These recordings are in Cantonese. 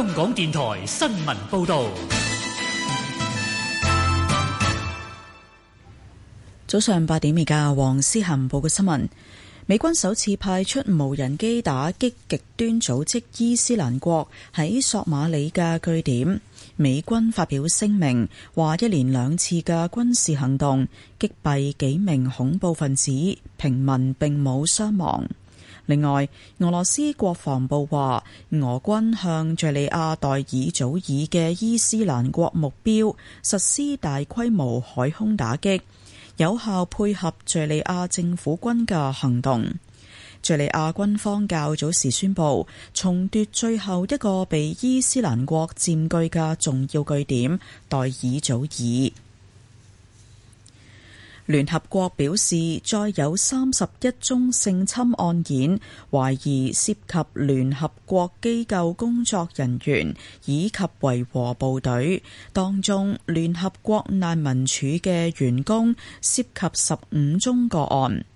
香港電台新聞報道：早上八點而家，黃思嫻報嘅新聞。美軍首次派出無人機打擊極端組織伊斯蘭國喺索馬里嘅據點。美軍發表聲明，話一連兩次嘅軍事行動擊斃幾名恐怖分子，平民並冇傷亡。另外，俄羅斯國防部話，俄軍向敘利亞代爾祖爾嘅伊斯蘭國目標實施大規模海空打擊，有效配合敘利亞政府軍嘅行動。敘利亞軍方較早時宣布重奪最後一個被伊斯蘭國佔據嘅重要據點代爾祖爾。聯合國表示，再有三十一宗性侵案件，懷疑涉涉及聯合國機構工作人員以及維和部隊。當中，聯合國難民署嘅員工涉及十五宗個案。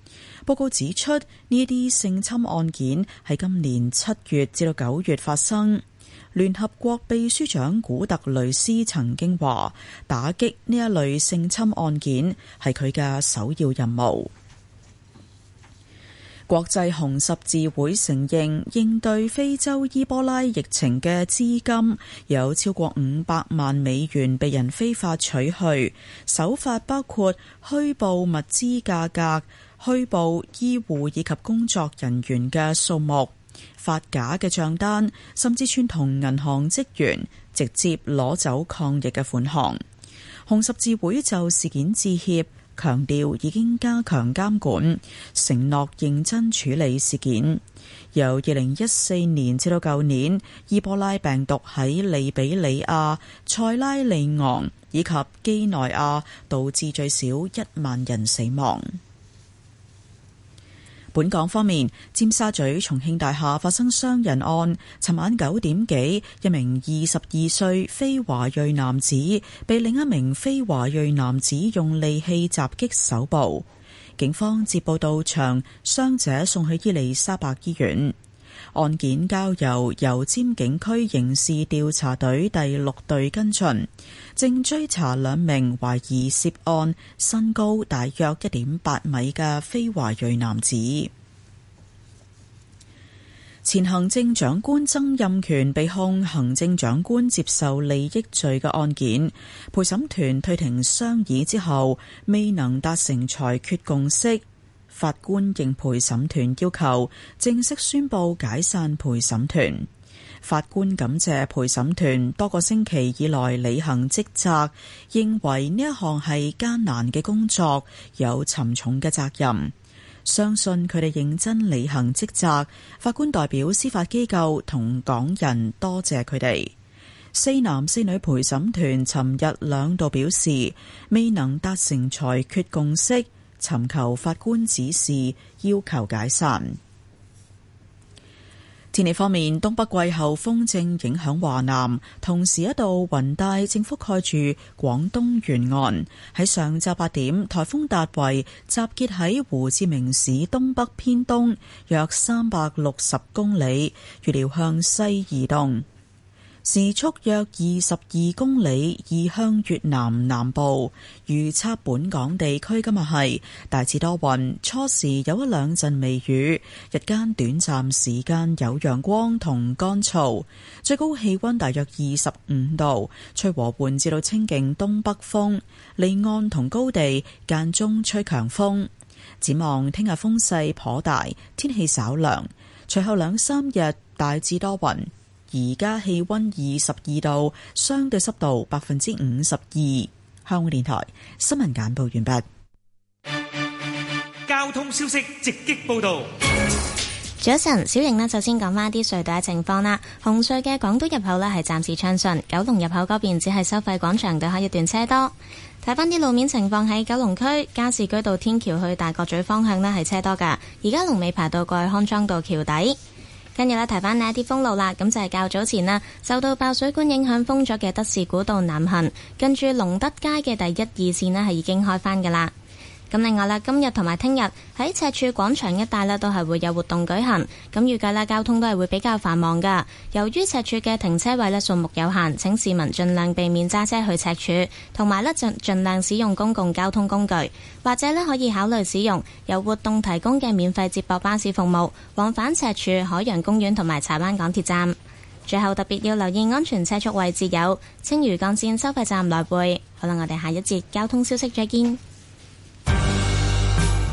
報告指出，呢啲性侵案件喺今年七月至到九月發生。聯合國秘書長古特雷斯曾經話：打擊呢一類性侵案件係佢嘅首要任務。國際紅十字會承認，應對非洲伊波拉疫情嘅資金有超過五百萬美元被人非法取去，手法包括虛報物資價格、虛報醫護以及工作人員嘅數目。發假嘅賬單，甚至串同銀行職員直接攞走抗疫嘅款項。紅十字會就事件致歉，強調已經加強監管，承諾認真處理事件。由二零一四年至到舊年，伊波拉病毒喺利比里亞、塞拉利昂以及幾內亞導致最少一萬人死亡。本港方面，尖沙咀重慶大廈發生傷人案。尋晚九點幾，一名二十二歲非華裔男子被另一名非華裔男子用利器襲擊手部，警方接報到場，傷者送去伊利沙伯醫院。案件交由油尖警區刑事調查隊第六隊跟進，正追查兩名懷疑涉案、身高大約一點八米嘅非華裔男子。前行政長官曾蔭權被控行政長官接受利益罪嘅案件，陪審團退庭商議之後，未能達成裁決共識。法官應陪審團要求，正式宣布解散陪審團。法官感謝陪審團多個星期以來履行職責，認為呢一項係艱難嘅工作，有沉重嘅責任。相信佢哋認真履行職責。法官代表司法機構同港人多謝佢哋。四男四女陪審團尋日兩度表示未能達成裁決共識。尋求法官指示，要求解散。天氣方面，東北季候風正影響華南，同時一道雲帶正覆蓋住廣東沿岸。喺上晝八點，台風達維集結喺胡志明市東北偏東約三百六十公里，預料向西移動。時速約二十二公里，移向越南南部。預測本港地區今日係大致多雲，初時有一兩陣微雨，日間短暫時間有陽光同乾燥，最高氣溫大約二十五度，吹和緩至到清勁東北風，離岸同高地間中吹強風。展望聽日風勢頗大，天氣稍涼，隨後兩三日大致多雲。而家氣温二十二度，相對濕度百分之五十二。香港電台新聞簡報完畢。交通消息直擊報導。早晨，小瑩呢就先講翻啲隧道嘅情況啦。紅隧嘅港島入口呢係暫時暢順，九龍入口嗰邊只係收費廣場對開一段車多。睇翻啲路面情況，喺九龍區加士居道天橋去大角咀方向呢係車多噶，而家龍尾排到過去康莊道橋底。跟住咧提翻呢一啲封路啦，咁就係、是、較早前啦，受到爆水管影響封咗嘅德士古道南行，跟住龍德街嘅第一二線咧係已經開返噶啦。咁另外啦，今日同埋聽日喺赤柱廣場一帶咧，都係會有活動舉行。咁預計啦，交通都係會比較繁忙噶。由於赤柱嘅停車位咧，數目有限，請市民盡量避免揸車去赤柱，同埋咧盡盡量使用公共交通工具，或者咧可以考慮使用由活動提供嘅免費接駁巴士服務，往返赤柱、海洋公園同埋柴灣港鐵站。最後特別要留意安全車速，位置有青嶼幹線收費站來回。好啦，我哋下一節交通消息，再見。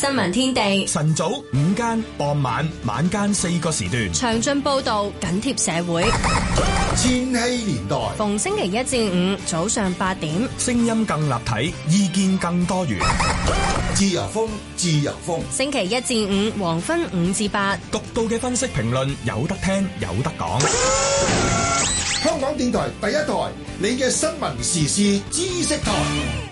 新聞天地晨早、午間、傍晚、晚間四個時段，詳盡報道，緊貼社會。千禧年代，逢星期一至五早上八點，聲音更立體，意見更多元。自由風，自由風。星期一至五黃昏五至八，獨到嘅分析評論有得聽有得講。香港電台第一台，你嘅新聞時事知識台。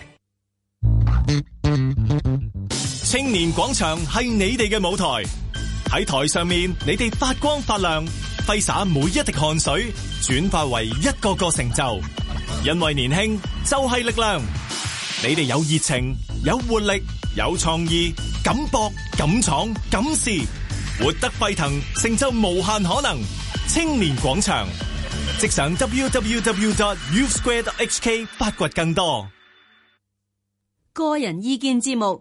青年廣場係你哋嘅舞台，喺台上面你哋發光發亮，揮灑每一滴汗水，轉化為一個個成就。因為年輕就係力量，你哋有熱情、有活力、有創意，敢搏、敢闖、敢試，活得沸騰，成就無限可能。青年廣場，即上 www.youthsquare.hk 發掘更多。個人意見節目。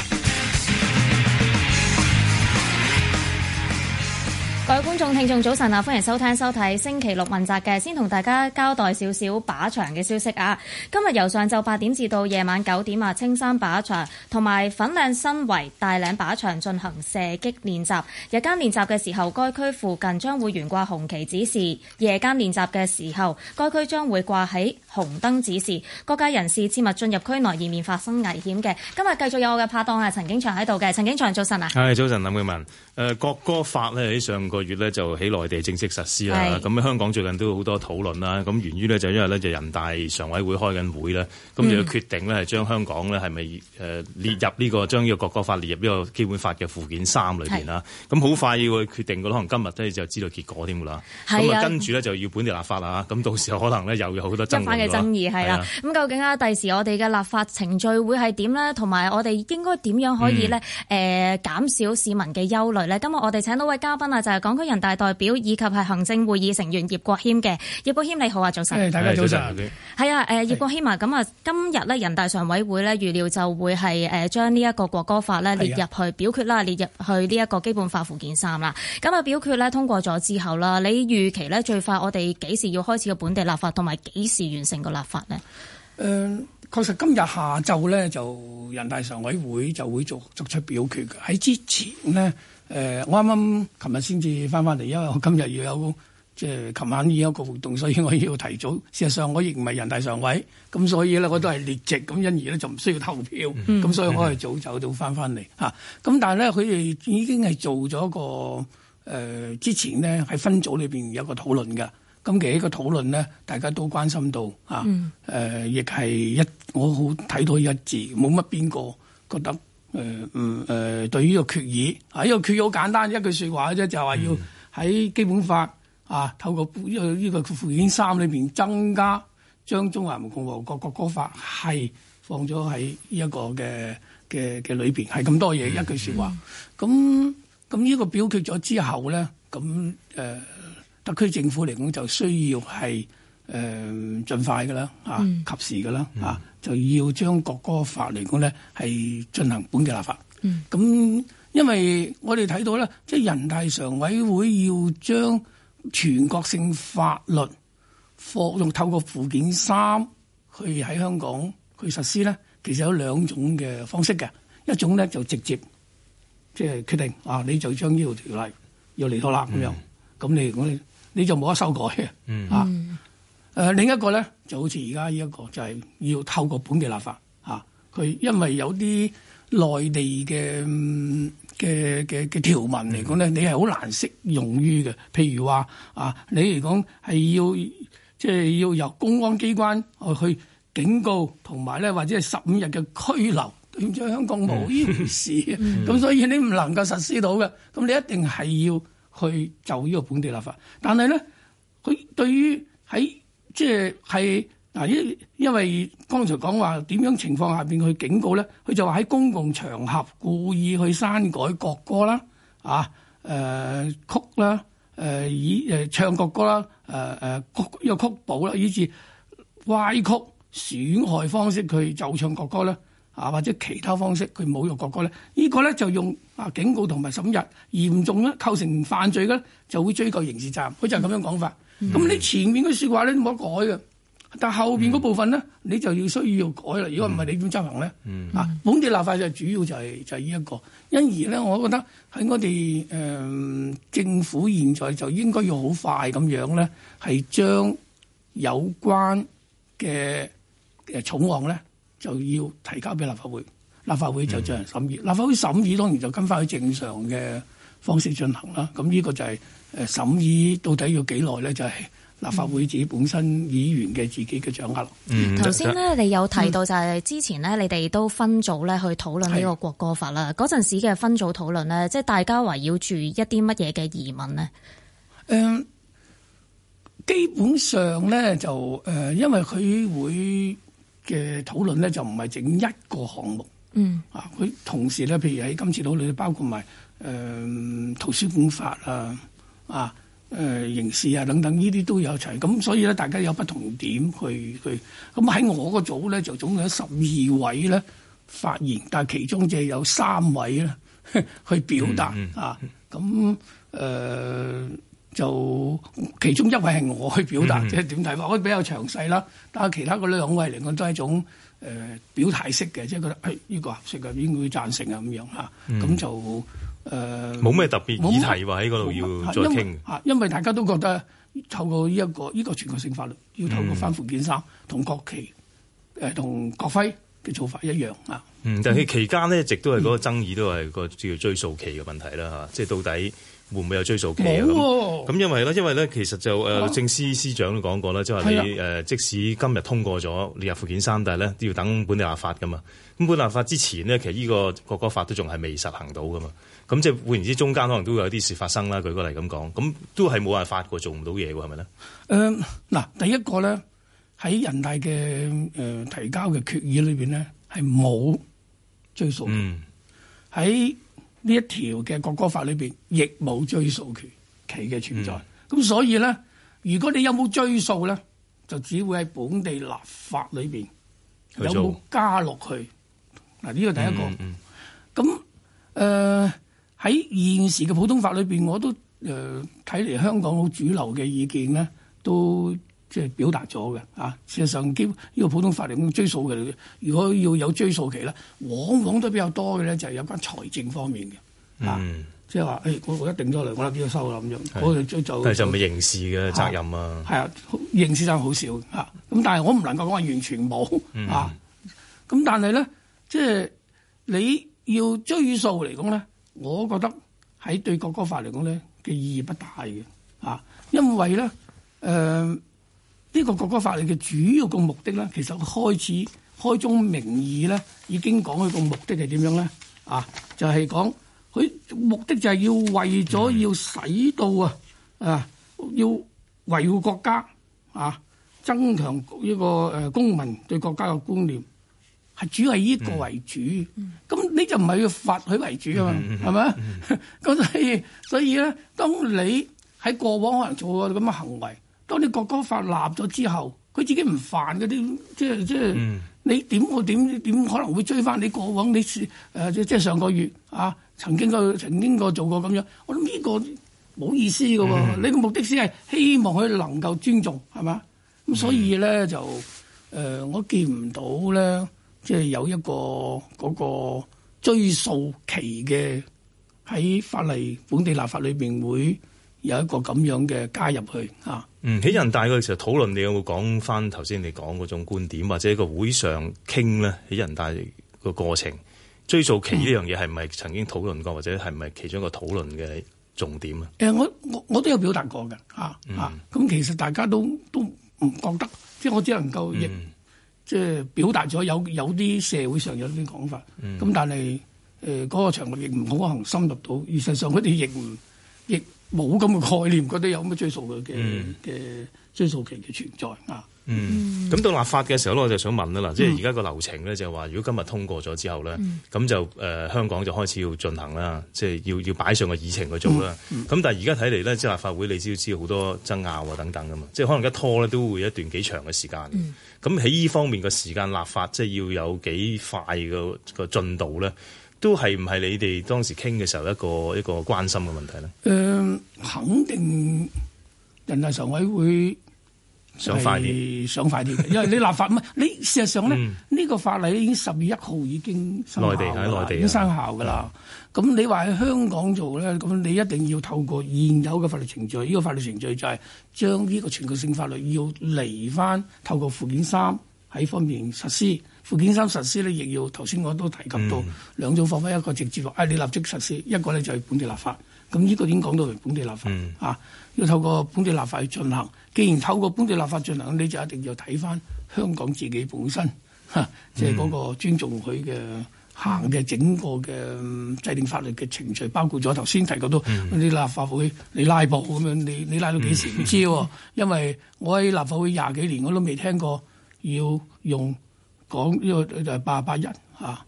各位觀眾、聽眾，早晨啊！歡迎收聽收睇星期六問責嘅，先同大家交代少少靶場嘅消息啊！今日由上晝八點至到夜晚九點啊，青山靶場同埋粉嶺新圍大嶺靶場進行射擊練習。日間練習嘅時候，該區附近將會懸掛紅旗指示；夜間練習嘅時候，該區將會掛起紅燈指示，各界人士切勿進入區內，以免發生危險嘅。今日繼續有我嘅拍檔啊，陳景祥喺度嘅。陳景祥早晨啊，係早晨，林美文。誒、呃、國歌法咧喺上個月咧就喺內地正式實施啦。咁是香港最近都好多討論啦。咁源於呢就因為呢就人大常委會開緊會啦。咁就要決定呢係、嗯、將香港呢係咪誒列入呢、這個將呢個國歌法列入呢個基本法嘅附件三裏面啊。咁好是快要決定嘅，可能今日呢就知道結果添喇。啦。咁啊跟住呢就要本地立法啦，咁到時候可能呢又有好多爭議是。嘅爭議係啦，咁究竟啊，第時我哋嘅立法程序會係點咧？同埋我哋應該點樣可以咧？誒、嗯呃、減少市民嘅憂慮呢？今日我哋請到位嘉賓啊，就係、是、港區人大代表以及係行政會議成員葉國謙嘅葉國謙，你好啊，早晨！誒，大家早晨！係啊，誒，葉國謙啊，咁啊，今日咧人大常委會咧預料就會係誒將呢一個國歌法咧列入去的表決啦，列入去呢一個基本法附件三啦。咁啊，表決咧通過咗之後啦，你預期咧最快我哋幾時要開始個本地立法，同埋幾時完成？成個立法咧，呃，確實今日下晝咧就人大常委會就會做作出表決嘅。喺之前呢，誒、呃，我啱啱琴日先至翻翻嚟，因為我今日要有即係琴晚要有一個活動，所以我要提早。事實上，我亦唔係人大常委，咁所以咧，我都係列席，咁因而咧就唔需要投票，咁、mm hmm. 所以可以早走到翻翻嚟吓。咁但係咧，佢哋已經係做咗個誒、呃，之前呢，喺分組裏面有一個討論嘅。咁其實呢個討論咧，大家都關心到嚇，誒亦係一，我好睇到一致冇乜邊個覺得誒、呃、嗯誒、呃、對於個決議啊，呢、這個決議好簡單一句說話啫，就係話要喺基本法啊，透過呢個呢個附件三裏邊增加將中華人民共和國國歌法係放咗喺呢一個嘅嘅嘅裏邊，係咁多嘢、嗯、一句說話咁咁呢個表決咗之後咧，咁誒。呃區政府嚟講，就需要係誒盡快噶啦，啊、嗯、及時噶啦，啊、嗯、就要將國歌法嚟講咧係進行本地立法。咁、嗯、因為我哋睇到咧，即、就、係、是，人大常委會要將全國性法律，用透過附件三去喺香港去實施咧，其實有兩種嘅方式嘅，一種咧就直接即係、就是、決定啊，你就將呢條條例要嚟到啦咁樣，咁、嗯、你我哋。嗯你就冇得修改嘅嚇。誒、嗯啊呃、另一個咧，就好似而家呢一個，就係、是、要透過本地立法嚇。佢、啊、因為有啲內地嘅嘅嘅嘅條文嚟講咧，嗯、你係好難適用於嘅。譬如話啊，你嚟講係要即係、就是、要由公安機關去警告同埋咧，或者係十五日嘅拘留，對唔住，香港冇呢件事。咁、嗯嗯、所以你唔能夠實施到嘅，咁你一定係要。去就呢個本地立法，但係咧，佢對於喺即係係嗱因因為剛才講話點樣情況下邊去警告咧，佢就話喺公共場合故意去刪改國歌啦，啊誒、呃、曲啦誒以誒唱國歌啦誒誒曲有曲譜啦，以至歪曲損害方式去奏唱國歌咧，啊或者其他方式佢侮辱國歌咧，這個、呢個咧就用。警告同埋審日嚴重咧構成犯罪咧就會追究刑事責任，佢就係咁樣講法。咁、嗯、你前面嘅説話咧冇得改嘅，但後邊嗰部分咧、嗯、你就要需要改啦。如果唔係你點執行咧？嗯、啊，本地立法就係主要就係、係、就係呢一個，因而咧，我覺得喺我哋誒、呃、政府現在就應該要好快咁樣咧，係將有關嘅誒草案咧就要提交俾立法會。立法會就進行審議，嗯、立法會審議當然就跟翻佢正常嘅方式進行啦。咁呢個就係誒審議到底要幾耐呢？就係、是、立法會自己本身議員嘅自己嘅掌握。嗯，頭先呢，你有提到就係之前呢，你哋都分組咧去討論呢個國歌法啦。嗰陣是時嘅分組討論呢，即、就、係、是、大家圍繞住一啲乜嘢嘅疑問呢？誒、嗯，基本上呢，就誒，因為佢會嘅討論呢，就唔係整一個項目。嗯，啊佢同時咧，譬如喺今次島裏，包括埋誒、呃、圖書館法啊，啊誒、呃、刑事啊等等，呢啲都有齊。咁、啊、所以咧，大家有不同點去去。咁、啊、喺我個組咧，就總共有十二位咧發言，但其中就有三位咧去表達啊。咁、啊、誒、啊、就其中一位係我去表達，嗯、哼即係點睇法？我比較詳細啦。但係其他嗰兩位嚟講都係種。誒、呃、表態式嘅，即係覺得係呢、哎這個合適應成啊，應該贊成啊咁樣嚇，咁就誒冇咩特別議題話喺嗰度要再傾因，因為大家都覺得透過呢、這、一個呢、這個、全國性法律，要透過返附件三同國旗誒同國徽嘅做法一樣啊。嗯、但係期間咧一直都係嗰個爭議、嗯、都係個叫追溯期嘅問題啦嚇、啊，即係到底。會唔會有追訴期咁？冇喎、啊，咁因為咧，因為咧，其實就誒律、呃、政司司長都講過啦，即、就、係、是、你誒的、呃，即使今日通過咗，你入附件三，但係咧，都要等本地立法噶嘛。咁本立法之前呢，其實呢、這個國歌法都仲係未實行到噶嘛。咁即係換言之，中間可能都會有啲事發生啦。舉個例咁講，咁都係冇辦法喎，做唔到嘢喎，係咪咧？誒、呃，嗱，第一個咧喺人大嘅誒、呃、提交嘅決議裏邊咧係冇追訴嘅，喺、嗯。呢一條嘅國歌法裏邊，亦冇追溯權，其嘅存在。咁、嗯、所以咧，如果你有冇追溯咧，就只會喺本地立法裏邊做有冇加落去。嗱，呢個第一個。咁誒喺現時嘅普通法裏邊，我都誒睇嚟香港好主流嘅意見咧，都。即係表達咗嘅啊，事實上呢個普通法嚟講追訴嘅，如果要有追訴期咧，往往都比較多嘅咧，就係有關財政方面嘅、嗯、啊，即係話誒，我一定咗嚟，我諗幾多收啦咁樣，是我哋就，就，就但係就咪刑事嘅責任啊，係啊，刑事爭好少嚇，咁、啊、但係我唔能夠講話完全冇啊，咁、嗯啊、但係咧，即、就、係、是、你要追訴嚟講咧，我覺得喺對國歌法嚟講咧嘅意義不大嘅啊，因為咧誒。呃呢個國家法律嘅主要個目的咧，其實開始開宗明義咧，已經講佢個目的係點樣咧？啊，就係講佢目的就係要為咗要使到啊啊，要維護國家啊，增強呢個誒公民對國家嘅觀念，係主係依個為主。咁呢、嗯、就唔係要罰佢為主啊嘛，係咪、嗯？咁吧 所以所以咧，當你喺過往可能做過咁嘅行為。當你國歌法立咗之後，佢自己唔犯嗰啲，即係即係、嗯、你點我點點可能會追翻你過往你誒、呃、即係上個月啊曾經個曾經個做過咁樣，我諗呢個冇意思噶喎。嗯、你個目的先係希望佢能夠尊重係嘛？咁、嗯、所以咧就誒、呃，我見唔到咧，即、就、係、是、有一個嗰、那個追溯期嘅喺法例本地立法裏邊會有一個咁樣嘅加入去啊。嗯，喺人大嘅時候討論，你有冇講翻頭先你講嗰種觀點，或者個會上傾咧？喺人大個過程追訴期呢樣嘢，係咪曾經討論過，或者係咪其中一個討論嘅重點啊？誒、嗯，我我我都有表達過嘅，嚇、啊、嚇。咁、嗯啊、其實大家都都唔覺得，即係我只能夠亦、嗯、即係表達咗有有啲社會上有啲講法，咁、嗯、但係誒嗰個場域亦唔好可能深入到。而實際上佢哋亦唔，佢哋亦亦。冇咁嘅概念，覺得有咁嘅追訴嘅嘅追訴期嘅存在啊。嗯，咁、嗯、到立法嘅時候咧，我就想問啦啦，嗯、即係而家個流程咧，就係話如果今日通過咗之後咧，咁、嗯、就誒、呃、香港就開始要進行啦，即係要要擺上個議程去做啦。咁、嗯嗯、但係而家睇嚟咧，即係立法會你知知好多爭拗啊等等噶嘛，即係可能一拖咧都會一段幾長嘅時間。咁喺依方面個時間立法，即係要有幾快嘅個進度咧。都係唔係你哋當時傾嘅時候一個一個關心嘅問題咧？誒、呃，肯定人大常委會想快啲，想快啲，因為你立法唔係 你事實上咧，呢、嗯、個法例已經十月一號已經生效啦，內地、喺內地啊、已經生效噶啦。咁、嗯、你話喺香港做咧，咁你一定要透過現有嘅法律程序，呢、這個法律程序就係將呢個全球性法律要嚟翻透過附件三喺方面實施。附件三實施呢，亦要頭先我都提及到、嗯、兩種方法，一個直接話、哎，你立即實施；一個呢，就係本地立法。咁呢個已經講到嚟本地立法、嗯、啊，要透過本地立法去進行。既然透過本地立法進行，你就一定要睇翻香港自己本身，即係嗰個尊重佢嘅行嘅整個嘅制定法律嘅程序，包括咗頭先提及到、嗯啊、你啲立法會你拉布咁樣，你你拉到幾時唔、嗯、知、哦？嗯、因為我喺立法會廿幾年，我都未聽過要用。講呢個就係八十八人吓，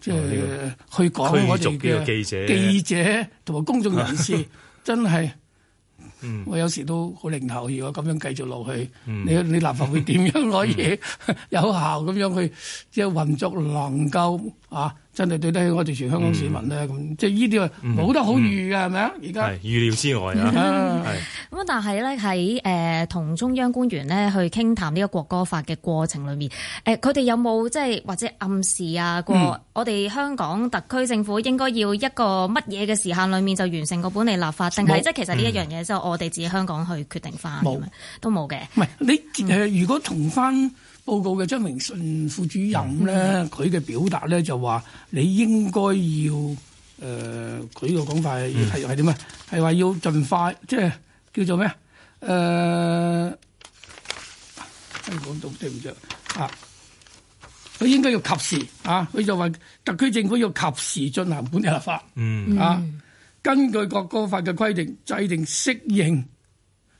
即係去講我哋記者同埋公眾人士，嗯、真係我有時都好零頭。如果咁樣繼續落去，嗯、你你立法會點樣攞嘢有效咁樣去即係運作能夠啊？嗯嗯真係對得起我哋全香港市民呢？咁即係依啲冇得好預㗎，係咪啊？而家係預料之外啊！咁 是但係咧喺誒同中央官員呢去傾談呢個國歌法嘅過程裏面，誒佢哋有冇即係或者暗示啊？過我哋香港特區政府應該要一個乜嘢嘅時限裏面就完成個本地立法，定係即係其實呢一樣嘢就我哋自己香港去決定翻，有都冇嘅。唔係你、嗯呃、如果同翻。報告嘅張榮信副主任咧，佢嘅表達咧就話：你應該要誒，佢嘅講法係係點啊？係話、嗯、要盡快，即係叫做咩、呃哎、啊？誒，香港讀對唔對啊？佢應該要及時啊！佢就話特區政府要及時進行本地立法，嗯啊，根據國歌法嘅規定，制定適應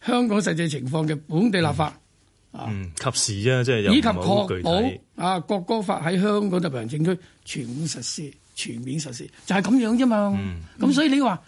香港實際情況嘅本地立法。嗯嗯，及時啫，即係有，以及確保具體啊，國歌法喺香港特別行政區全面實施，全面實施就係、是、咁樣啫嘛。咁、嗯、所以你話，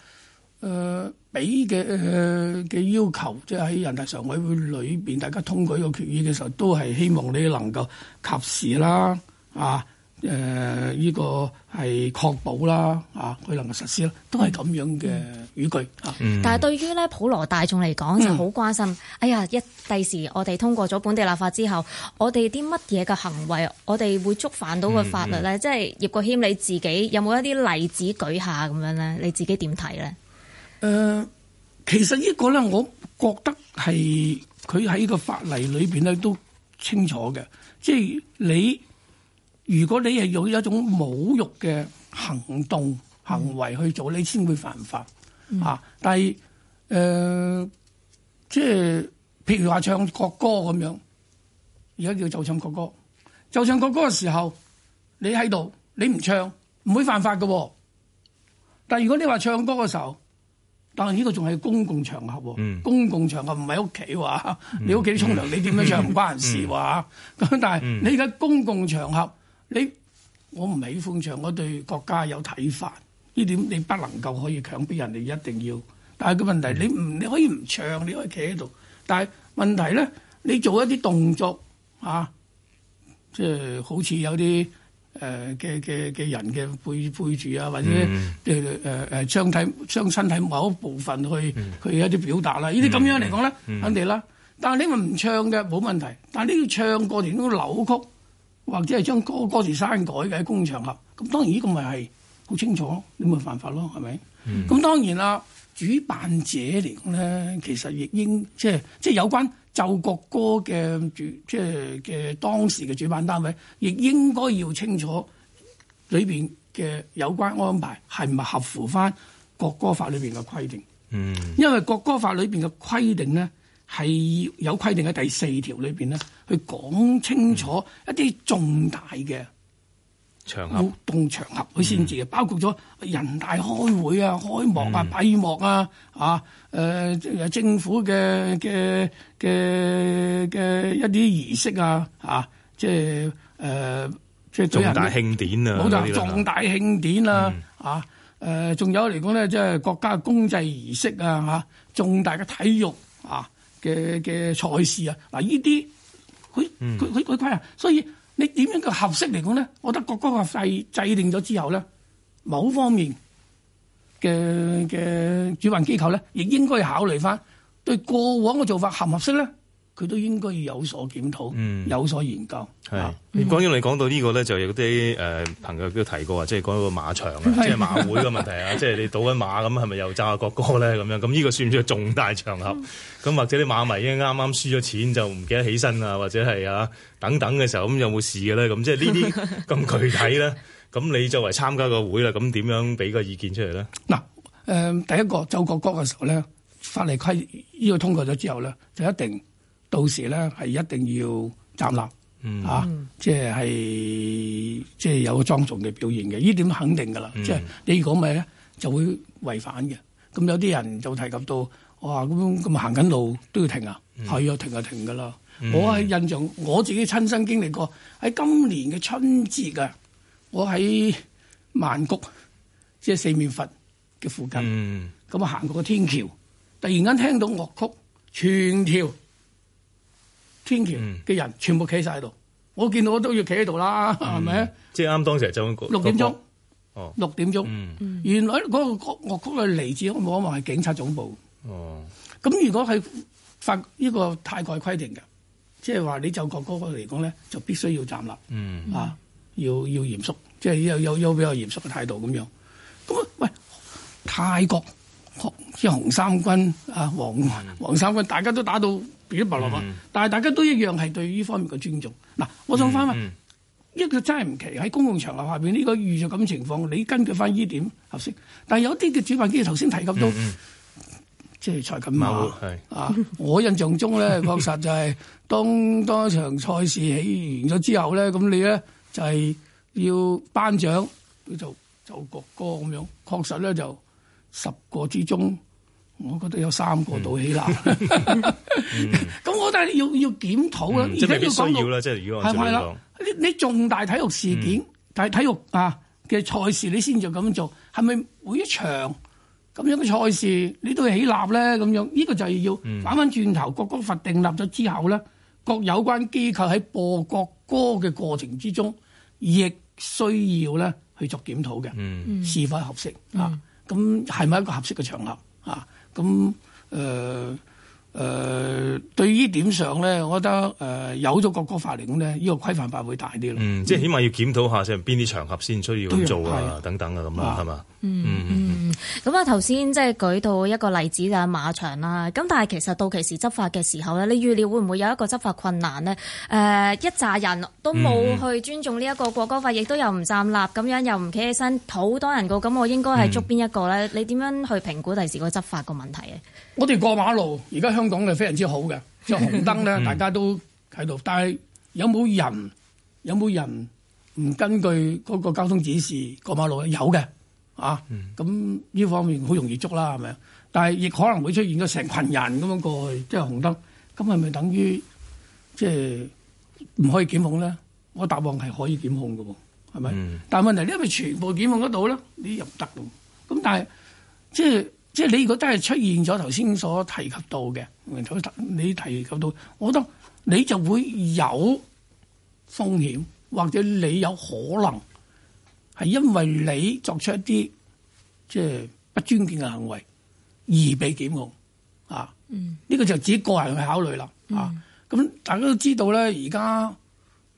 誒俾嘅嘅要求，即係喺人大常委會裏邊，大家通過呢個決議嘅時候，都係希望你能夠及時啦，啊。誒呢、呃這個係確保啦，啊，佢能夠實施啦，都係咁樣嘅語句、嗯、啊。但係對於咧普羅大眾嚟講就好關心。嗯、哎呀，一第時我哋通過咗本地立法之後，我哋啲乜嘢嘅行為，我哋會觸犯到個法律咧？嗯嗯、即係葉國謙你自己有冇一啲例子舉下咁樣呢？你自己點睇呢？誒、呃，其實呢個呢，我覺得係佢喺個法例裏邊咧都清楚嘅，即係你。如果你係用一種侮辱嘅行動行為去做，你先會犯法、嗯、啊！但係誒，即、呃、係譬如話唱國歌咁樣，而家叫奏唱國歌。奏唱國歌嘅時候，你喺度你唔唱，唔會犯法嘅、啊。但係如果你話唱歌嘅時候，但係呢個仲係公共場合、啊嗯、公共場合唔係屋企喎，嗯、你屋企沖涼你點樣唱唔、嗯、關人事喎、啊、咁、嗯、 但係你而家公共場合。你我唔喜歡唱，我對國家有睇法，呢點你不能夠可以強逼人哋一定要。但係個問題，你唔你可以唔唱，你可以企喺度。但係問題咧，你做一啲動作啊，即係好似有啲誒嘅嘅嘅人嘅背背住啊，或者即係誒誒張體張身體某一部分去、mm hmm. 去一啲表達啦。這些這呢啲咁樣嚟講咧，肯定啦。但係你話唔唱嘅冇問題，但係你要唱，個年都扭曲。或者係將歌歌詞刪改嘅喺公場合，咁當然呢個咪係好清楚，你咪犯法咯，係咪？咁、嗯、當然啦，主辦者嚟講咧，其實亦應即係即係有關就國歌嘅主即係嘅當時嘅主辦單位，亦應該要清楚裏邊嘅有關安排係唔係合符返國歌法裏邊嘅規定。嗯，因為國歌法裏邊嘅規定咧。係有規定喺第四條裏邊呢去講清楚一啲重大嘅場合活動場合，佢先至啊，嗯、包括咗人大開會啊、開幕啊、嗯、閉幕啊啊。誒、呃、政府嘅嘅嘅嘅一啲儀式啊啊，即係誒、呃、即係重大慶典啊，冇錯，重大慶典啊、嗯、啊。誒、呃、仲有嚟講呢，即、就、係、是、國家公祭儀式啊，嚇、啊、重大嘅體育嘅嘅賽事啊，嗱呢啲佢佢佢佢規啊，所以你點樣個合適嚟講咧？我覺得國家個制制定咗之後咧，某方面嘅嘅主辦機構咧，亦應該考慮翻對過往嘅做法合唔合適咧？佢都應該要有所檢討，嗯、有所研究。係是，江英、嗯、你講到呢、這個咧，就有啲誒、呃、朋友都提過話，即係講個馬場啊，即係的馬會嘅問題啊， 即係你賭緊馬咁，係咪又奏國歌咧？咁樣咁呢個算唔算重大場合？咁 或者啲馬迷已經啱啱輸咗錢就唔記得起身啊，或者係啊等等嘅時候咁有冇事嘅咧？咁即係呢啲咁具體咧？咁 你作為參加個會啦，咁點樣俾個意見出嚟咧？嗱誒、呃，第一個奏國歌嘅時候咧，法例規呢、這個通過咗之後咧，就一定。到時咧係一定要站立，嗯、啊，即係即係有個莊重嘅表現嘅，呢點肯定噶啦。即係、嗯、你如果唔係咧，就會違反嘅。咁有啲人就提及到，我話咁咁行緊路都要停啊，係、嗯、啊，停就停噶啦。嗯、我喺印象，我自己親身經歷過喺今年嘅春節啊，我喺曼谷即係、就是、四面佛嘅附近，咁啊行過個天橋，突然間聽到樂曲，串跳。天橋嘅人全部企晒喺度，嗯、我見到我都要企喺度啦，係咪、嗯、即係啱當時就六點鐘，六、哦、點鐘，嗯、原來嗰個樂曲嘅嚟自，我望一望係警察總部。哦，咁如果係法呢個泰國規定嘅，即係話你就國歌嚟講咧，就必須要站立，嗯、啊，要要嚴肅，即係要有有比較嚴肅嘅態度咁樣。咁啊，喂，泰國即係紅三軍啊，黃黃三軍，嗯、大家都打到。嗯、但係大家都一樣係對呢方面嘅尊重。嗱，我想翻問，一個、嗯嗯、真係唔奇喺公共場合下邊呢、呢個遇著咁情況，你根據翻呢點合適？但係有啲嘅主辦機構頭先提及到，嗯嗯、即係財金嘛。係啊，我印象中咧， 確實就係、是、當當一場賽事起完咗之後咧，咁你咧就係、是、要頒獎，就就奏國歌咁樣。確實咧就十個之中。我覺得有三個都起立，咁我覺得係要要檢討啦，而且要講到，係咪啦？你你重大體育事件，但係體育啊嘅賽事，你先就咁做，係咪每一場咁樣嘅賽事你都要起立咧？咁樣呢個就係要反翻轉頭，國歌法訂立咗之後咧，各有關機構喺播國歌嘅過程之中，亦需要咧去作檢討嘅，是否合適啊？咁係咪一個合適嘅場合啊？咁誒誒對於點上咧，我覺得誒、呃、有咗國歌法嚟講咧，呢、這個規範化會大啲咯。嗯，即係起碼要檢討下先，邊啲場合先需要做啊，啊等等啊，咁啊，係嘛？嗯嗯咁啊，頭先即係舉到一個例子就係、是、馬場啦。咁但係其實到期時執法嘅時候咧，你預料會唔會有一個執法困難呢？誒、呃，一紮人都冇去尊重呢一個國歌法，亦都又唔站立，咁樣又唔企起身，好多人個，咁我應該係捉邊一個咧？嗯、你點樣去評估第時個執法個問題啊？我哋過馬路而家香港係非常之好嘅，即係紅燈咧，嗯、大家都喺度。但係有冇人，有冇人唔根據嗰個交通指示過馬路有？有嘅。啊，咁呢方面好容易捉啦，係咪？但係亦可能會出現咗成群人咁樣過去，即係紅燈，咁係咪等於即係唔可以檢控咧？我答案係可以檢控㗎喎，係咪？嗯、但問題呢？係咪全部檢控得到咧？你又唔得喎。咁但係即係即係你如果真係出現咗頭先所提及到嘅，你提及到，我覺得你就會有風險，或者你有可能。係因為你作出一啲即係不尊敬嘅行為而被檢控啊。呢、嗯、個就自己個人去考慮啦啊！咁、嗯嗯嗯、大家都知道咧，而家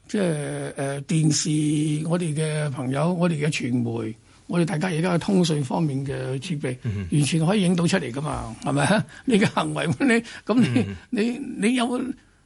即係誒電視，我哋嘅朋友，我哋嘅傳媒，我哋大家而家嘅通訊方面嘅設備，嗯嗯、完全可以影到出嚟噶嘛，係咪啊？你嘅行為， 你咁你你、嗯嗯、你有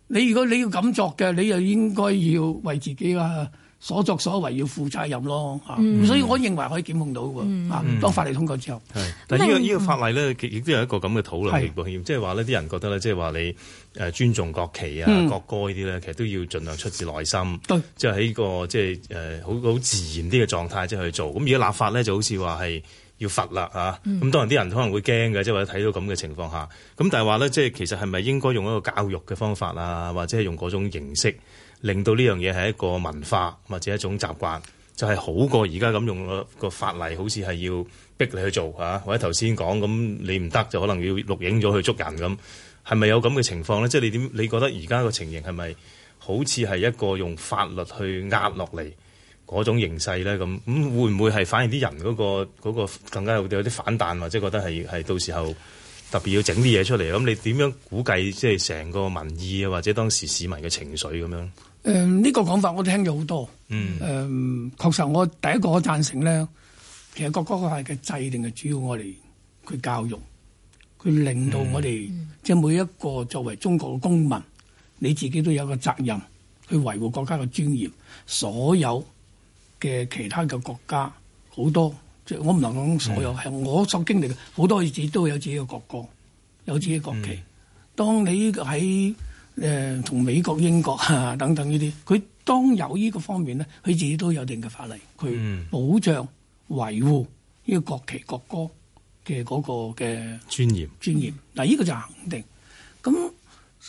你有，你如果你要咁作嘅，你又應該要為自己啊！所作所為要負責任咯嚇，嗯、所以我認為可以檢控到喎。嚇、嗯，當法例通過之後，但係、呢、呢個呢、嗯、個法例咧，亦都有一個咁嘅討論的，即係話呢啲人覺得咧，即係話你誒尊重國旗啊、嗯、國歌呢啲咧，其實都要盡量出自內心，即係喺個即係誒好好自然啲嘅狀態即係去做。咁而家立法咧，就好似話係要罰啦嚇。咁、嗯啊、當然啲人可能會驚嘅，即係或者睇到咁嘅情況下，咁但係話咧，即係其實係咪應該用一個教育嘅方法啊，或者係用嗰種形式？令到呢樣嘢係一個文化或者一種習慣，就係好過而家咁用個個法例，好似係要逼你去做啊，或者頭先講咁你唔得就可能要錄影咗去捉人咁，係咪有咁嘅情況咧？即係你點？你覺得而家個情形係咪好似係一個用法律去壓落嚟嗰種形勢咧？咁咁會唔會係反而啲人嗰個嗰個更加有啲反彈，或者覺得係係到時候？特別要整啲嘢出嚟，咁你點樣估計即係成個民意啊？或者當時市民嘅情緒咁樣？誒、嗯，呢個講法我都聽咗好多。嗯，誒、嗯，確實我第一個我贊成咧，其實各個個係嘅制定係主要我哋佢教育，佢令到我哋即係每一個作為中國嘅公民，你自己都有個責任去維護國家嘅尊嚴。所有嘅其他嘅國家好多。我唔能講所有，係我所經歷嘅好多嘢，自己都有自己嘅國歌，有自己嘅國旗。嗯、當你喺誒同美國、英國哈哈等等呢啲，佢當有呢個方面咧，佢自己都有一定嘅法例佢保障維護呢個國旗國歌嘅嗰個嘅尊嚴、尊嚴。尊嚴嗱呢、呃呢個就肯定咁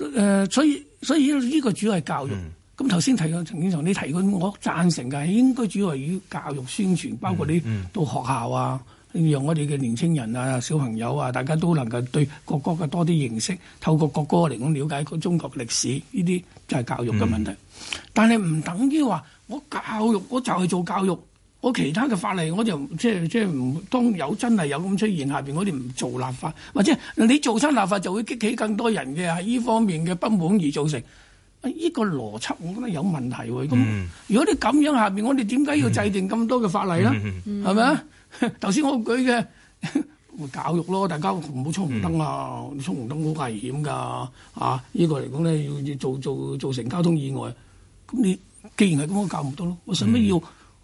誒、呃，所以所以呢個主要係教育。嗯咁頭先提過曾經同你提過，我贊成㗎，應該主要係教育宣傳，包括你到學校啊，讓、嗯嗯、我哋嘅年輕人啊、小朋友啊，大家都能夠對國歌嘅多啲認識，透過國歌嚟咁瞭解個中國歷史，呢啲就係教育嘅問題。嗯、但係唔等於話我教育，我就去做教育，我其他嘅法例，我就即係即係唔當有真係有咁出現下邊我哋唔做立法，或者你做親立法就會激起更多人嘅喺呢方面嘅不滿而造成。依個邏輯我覺得有問題喎。咁、嗯、如果你咁樣下邊，我哋點解要制定咁多嘅法例咧？係咪啊？頭先嗎 我舉嘅 教育咯，大家唔好衝紅燈啊！衝、嗯、紅燈好危險㗎，嚇、啊！依、依個嚟講咧，要要做做造成交通意外。咁你既然係咁，我教唔到咯。我使乜要、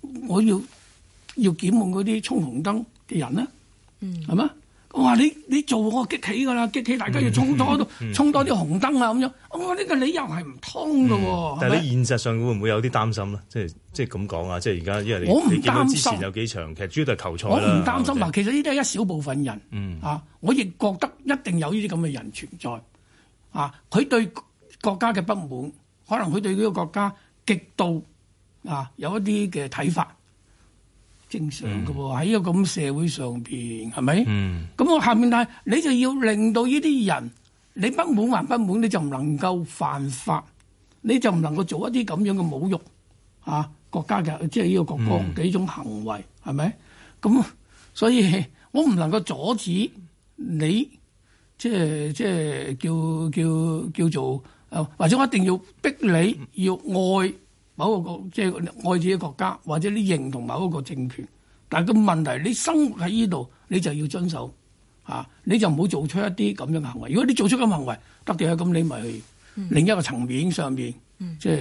嗯、我要我要檢控嗰啲衝紅燈嘅人咧？係咪、嗯？係哇你你做我激起㗎啦，激起大家要衝多啲，嗯嗯嗯、衝多啲紅燈啊咁樣。我、哦、呢、呢個理由係唔通嘅喎、嗯。但係你現實上會唔會有啲擔心咧？即係即係咁講啊！即係而家因為你我唔擔心，嗯、就有幾場吧其實主要係球賽啦。我唔擔心啊，其實呢啲係一小部分人、嗯、啊。我亦覺得一定有呢啲咁嘅人存在啊。佢對國家嘅不滿，可能佢對呢個國家極度啊有一啲嘅睇法。正常嘅喎，喺呢個咁社會上面，係咪？咁、嗯、我下面但係你就要令到呢啲人，你不滿還不滿，你就唔能夠犯法，你就唔能夠做一啲咁樣嘅侮辱啊國家嘅，即係呢個國家嘅呢、嗯、種行為，係咪？咁所以我唔能夠阻止你，即係即係叫叫叫做，或者我一定要逼你要愛。某個國即係愛自己國家，或者你認同某一個政權，但係個問題，你生活喺呢度，你就要遵守嚇、啊，你就唔好做出一啲咁樣嘅行為。如果你做出咁行為，特別係咁，你咪去，另一個層面上面，即係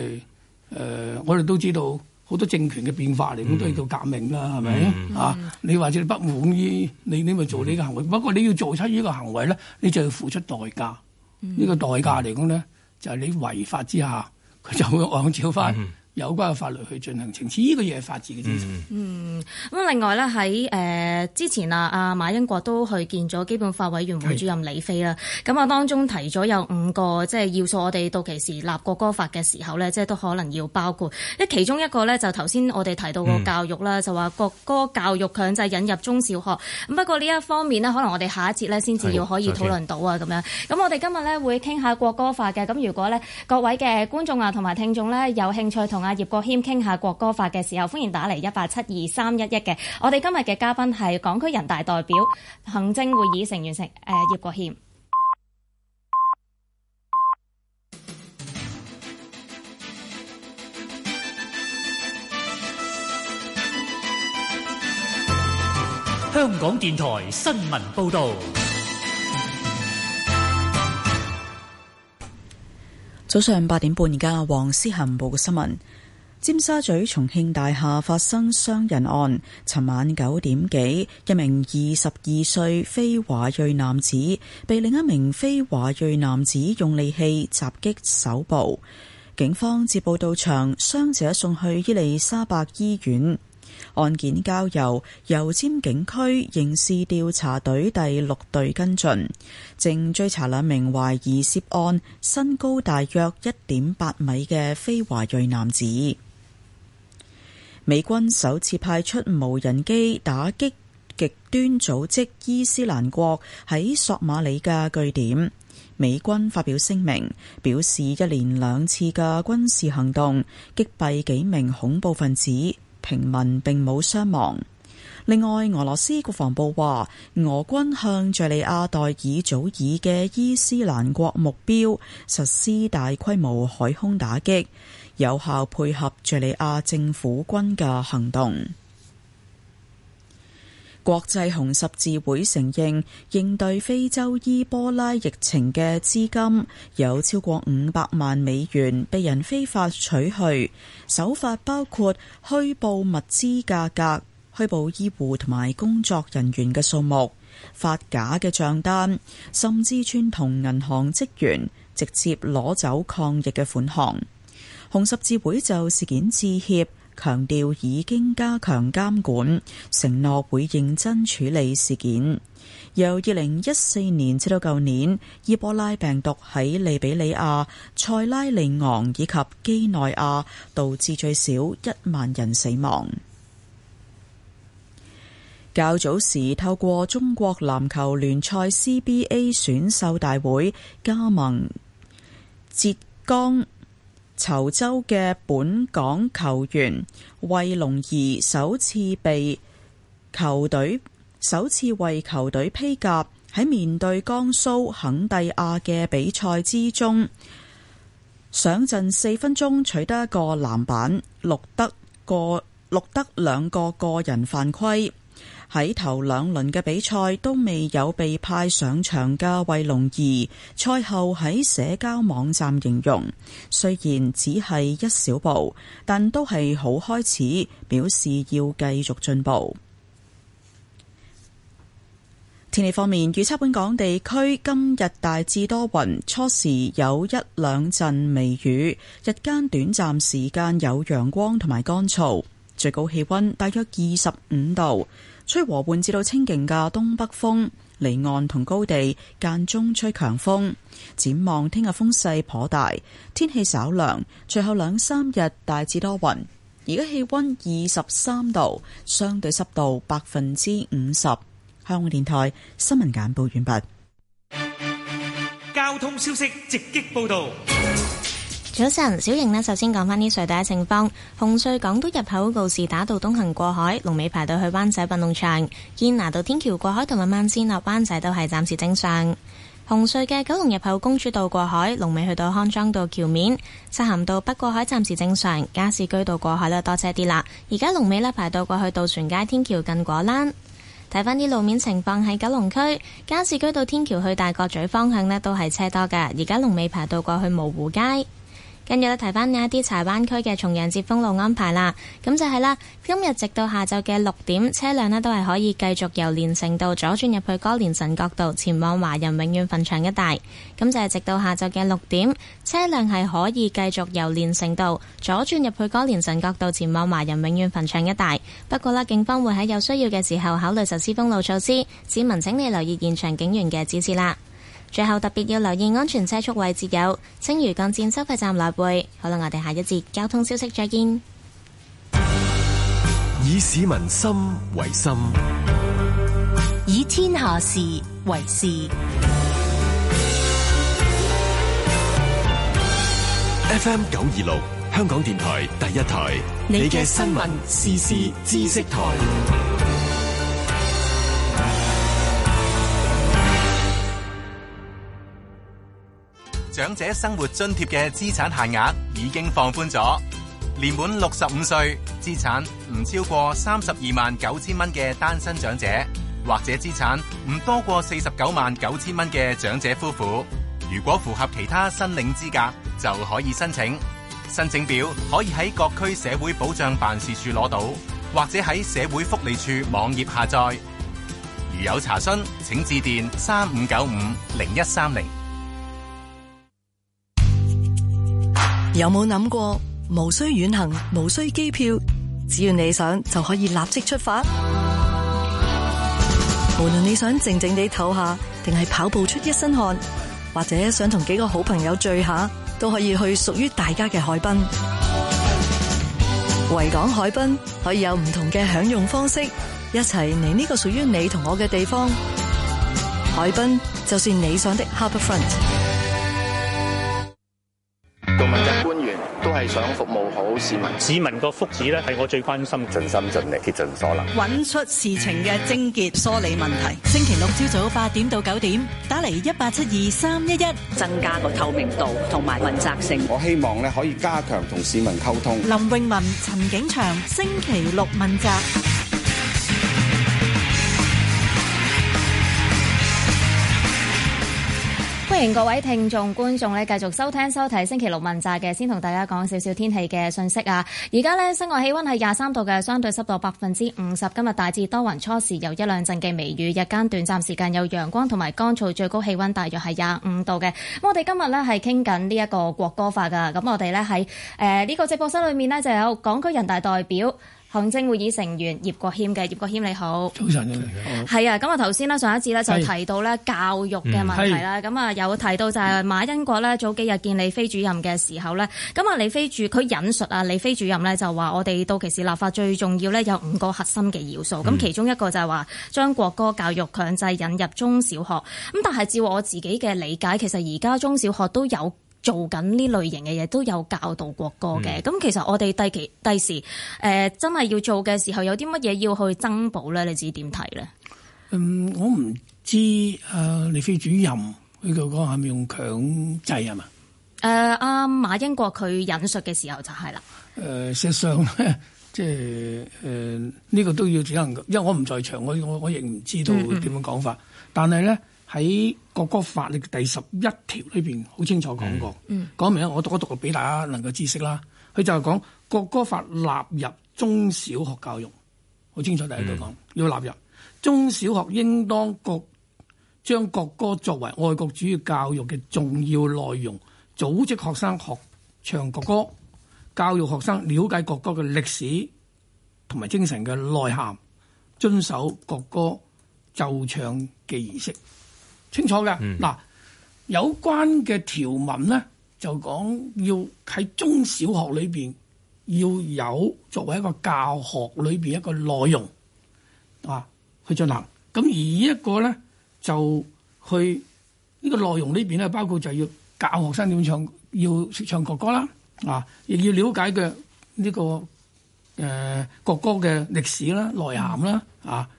誒，我哋都知道好多政權嘅變化嚟，咁都要叫革命啦，係咪？嚇，你或者你不滿意你，你咪做呢個行為。嗯、不過你要做出呢個行為咧，你就要付出代價。呢、嗯、個代價嚟講咧，就係、是、你違法之下，佢就會按照翻。嗯嗯有關嘅法律去進行程序，依個嘢係法治嘅基礎。嗯、mm，咁、hmm. mm hmm. 另外咧，喺誒之前啊，阿馬英國都去見咗基本法委員會主任李飛啦。咁啊的，當中提咗有五個即係要素，我哋到時立國歌法嘅時候呢，即係都可能要包括。即其中一個呢，就頭先我哋提到個教育啦，mm hmm. 就話國歌教育強制引入中小學。咁不過呢一方面呢可能我哋下一節呢先至要可以討論到啊，咁的樣。咁我哋今日呢會傾下國歌法嘅。咁如果呢各位嘅觀眾啊同埋聽眾呢，有興趣同，啊！葉國謙傾下國歌法嘅時候，歡迎打嚟一八七二三一一嘅。我哋今日嘅嘉賓係港區人大代表、行政會議成員成誒葉國謙。香港電台新聞報導。早上八點半，而家黃思恒報嘅新聞：尖沙咀重慶大廈發生傷人案。尋晚九點幾，一名二十二歲非華裔男子被另一名非華裔男子用利器襲擊手部，警方接報到場，傷者送去伊利沙伯醫院。案件交由油尖警區刑事調查隊第六隊跟進，正追查兩名懷疑涉案、身高大約一點八米嘅非華裔男子。美軍首次派出無人機打擊極端組織伊斯蘭國喺索馬里嘅據點。美軍發表聲明表示，一連兩次嘅軍事行動擊斃幾名恐怖分子。平民並冇傷亡。另外，俄羅斯國防部話，俄軍向敘利亞代爾祖爾嘅伊斯蘭國目標實施大規模海空打擊，有效配合敘利亞政府軍嘅行動。國際紅十字會承認，應對非洲伊波拉疫情嘅資金有超過五百萬美元被人非法取去，手法包括虛報物資價格、虛報醫護同埋工作人員嘅數目、發假嘅賬單，甚至串同銀行職員直接攞走抗疫嘅款項。紅十字會就事件致歉。強調已經加強監管，承諾會認真處理事件。由二零一四年至到舊年，伊波拉病毒喺利比里亞、塞拉利昂以及基內亞導致最少一萬人死亡。較早時透過中國籃球聯賽 CBA 選秀大會加盟浙江。稠州嘅本港球員惠龍兒首次被球隊，首次為球隊披甲，喺面對江蘇肯帝亞嘅比賽之中，上陣四分鐘取得一個籃板，錄得個錄得兩個個人犯規。喺頭兩輪嘅比賽都未有被派上場嘅衛龍兒，賽後喺社交網站形容，雖然只係一小步，但都係好開始，表示要繼續進步。天氣方面，預測本港地區今日大致多雲，初時有一兩陣微雨，日間短暫時間有陽光同埋乾燥，最高氣溫大約二十五度。吹和緩至到清勁嘅東北風，離岸同高地間中吹強風。展望聽日風勢頗大，天氣稍涼。隨後兩三日大致多雲。而家氣溫二十三度，相對濕度百分之五十。香港電台新聞簡報完畢。交通消息直擊報道。早晨，小瑩呢，首先講返啲隧道嘅情況。紅隧港島入口告士打道東行過海，龍尾排到去灣仔運動場；堅拿道天橋過海同埋慢線落灣仔都係暫時正常。紅隧嘅九龍入口公主道過海，龍尾去到康莊道橋面；漆咸道北過海暫時正常。加士居道過海呢多車啲喇。而家龍尾呢，排到過去渡船街天橋近果欄。睇返啲路面情況喺九龍區，加士居道天橋去大角咀方向呢都係車多㗎。而家龍尾排到過去蕪湖街。跟住呢提翻嘅一啲柴灣區嘅重陽節封路安排啦，咁就係、是、啦。今日直到下晝嘅六點，車輛呢都係可以繼續由連城道左轉入去歌連臣角道，前往華人永遠墳場一帶。咁就係直到下晝嘅六點，車輛係可以繼續由連城道左轉入去歌連臣角道，前往華人永遠墳場一帶。不過啦，警方會喺有需要嘅時候考慮實施封路措施，市民請你留意現場警員嘅指示啦。最後特別要留意安全車速位置有青嶼幹線收費站內背，好啦，我哋下一節交通消息再見。以市民心為心，以天下事為事。的 FM 九二六，香港電台第一台，你嘅新聞、時事事、知識台。長者生活津貼嘅資產限額已經放寬咗，年滿六十五歲、資產唔超過三十二萬九千蚊嘅單身長者，或者資產唔多過四十九萬九千蚊嘅長者夫婦，如果符合其他申領資格，就可以申請。申請表可以喺各區社會保障辦事處攞到，或者喺社會福利處網頁下載。如有查詢，請致電三五九五零一三零。有冇諗過？無需遠行，無需機票，只要你想就可以立即出發。 無論你想靜靜地唞下，定係跑步出一身汗，或者想同幾個好朋友聚下，都可以去屬於大家嘅海濱。維 港海濱可以有唔同嘅享用方式，一齊嚟呢個屬於你同我嘅地方。海濱，就是你想的 Harbourfront。係想服務好市民，市民個福祉咧係我最關心，盡心盡力，竭盡所能，揾出事情嘅症結，梳理問題。星期六朝早八點到九點，打嚟一八七二三一一，增加個透明度同埋問責性。我希望咧可以加強同市民溝通。林泳文、陳景祥，星期六問責。歡迎各位聽眾觀眾咧繼續收聽收睇《星期六問責》嘅，先同大家講少少天氣嘅信息啊！而家咧室外氣溫係廿三度嘅，相對濕度百分之五十。今日大致多雲，初時有一兩陣嘅微雨，日間短暫時間有陽光同埋乾燥，最高氣溫大約係廿五度嘅。咁我哋今日咧係傾緊呢一個國歌法噶，咁我哋咧喺誒呢、呃這個直播室裏面呢，就有港區人大代表。行政會議成員葉國謙嘅。葉國謙你好，早晨你好。係啊，咁啊頭先呢，上一次咧就提到咧教育嘅問題啦，咁啊有提到就係馬恩國呢，早幾日見李飛主任嘅時候呢。咁啊李飛主佢引述啊李飛主任呢，就話我哋到時立法最重要呢，有五個核心嘅要素，咁、嗯、其中一個就係話將國歌教育強制引入中小學，咁但係照我自己嘅理解，其實而家中小學都有。做緊呢類型嘅嘢都有教導國歌嘅，咁、嗯、其實我哋第期第時、呃、真係要做嘅時候有啲乜嘢要去增補咧？你自己點睇咧？嗯，我唔知誒，李、呃、飛主任佢個講係咪用強制啊嘛？阿、呃、啊，馬英國佢引述嘅時候就係啦。誒、呃，實際上咧，即係呢、呃呢個都要只能，因為我唔在場，我我我亦唔知道點樣講法，嗯嗯但係咧。喺國歌法嘅第十一條裏邊好清楚講過，講明、嗯、我多啲讀一讀俾大家能夠知識啦。佢就係講國歌法納入中小學教育，好清楚第一句講、嗯、要納入中小學，應當國將國歌作為愛國主義教育嘅重要內容，組織學生學唱國歌，教育學生了解國歌嘅歷史同埋精神嘅內涵，遵守國歌奏唱嘅儀式。清楚嘅嗱、嗯，有關嘅條文咧，就講要喺中小學裏邊要有作為一個教學裏邊一個內容啊，去進行。咁而這個呢一個咧就去、這個、內呢個內容呢邊咧，包括就要教學生點唱，要識唱國歌啦啊，亦要了解嘅呢、這個誒、呃、國歌嘅歷史啦、內涵啦、嗯、啊，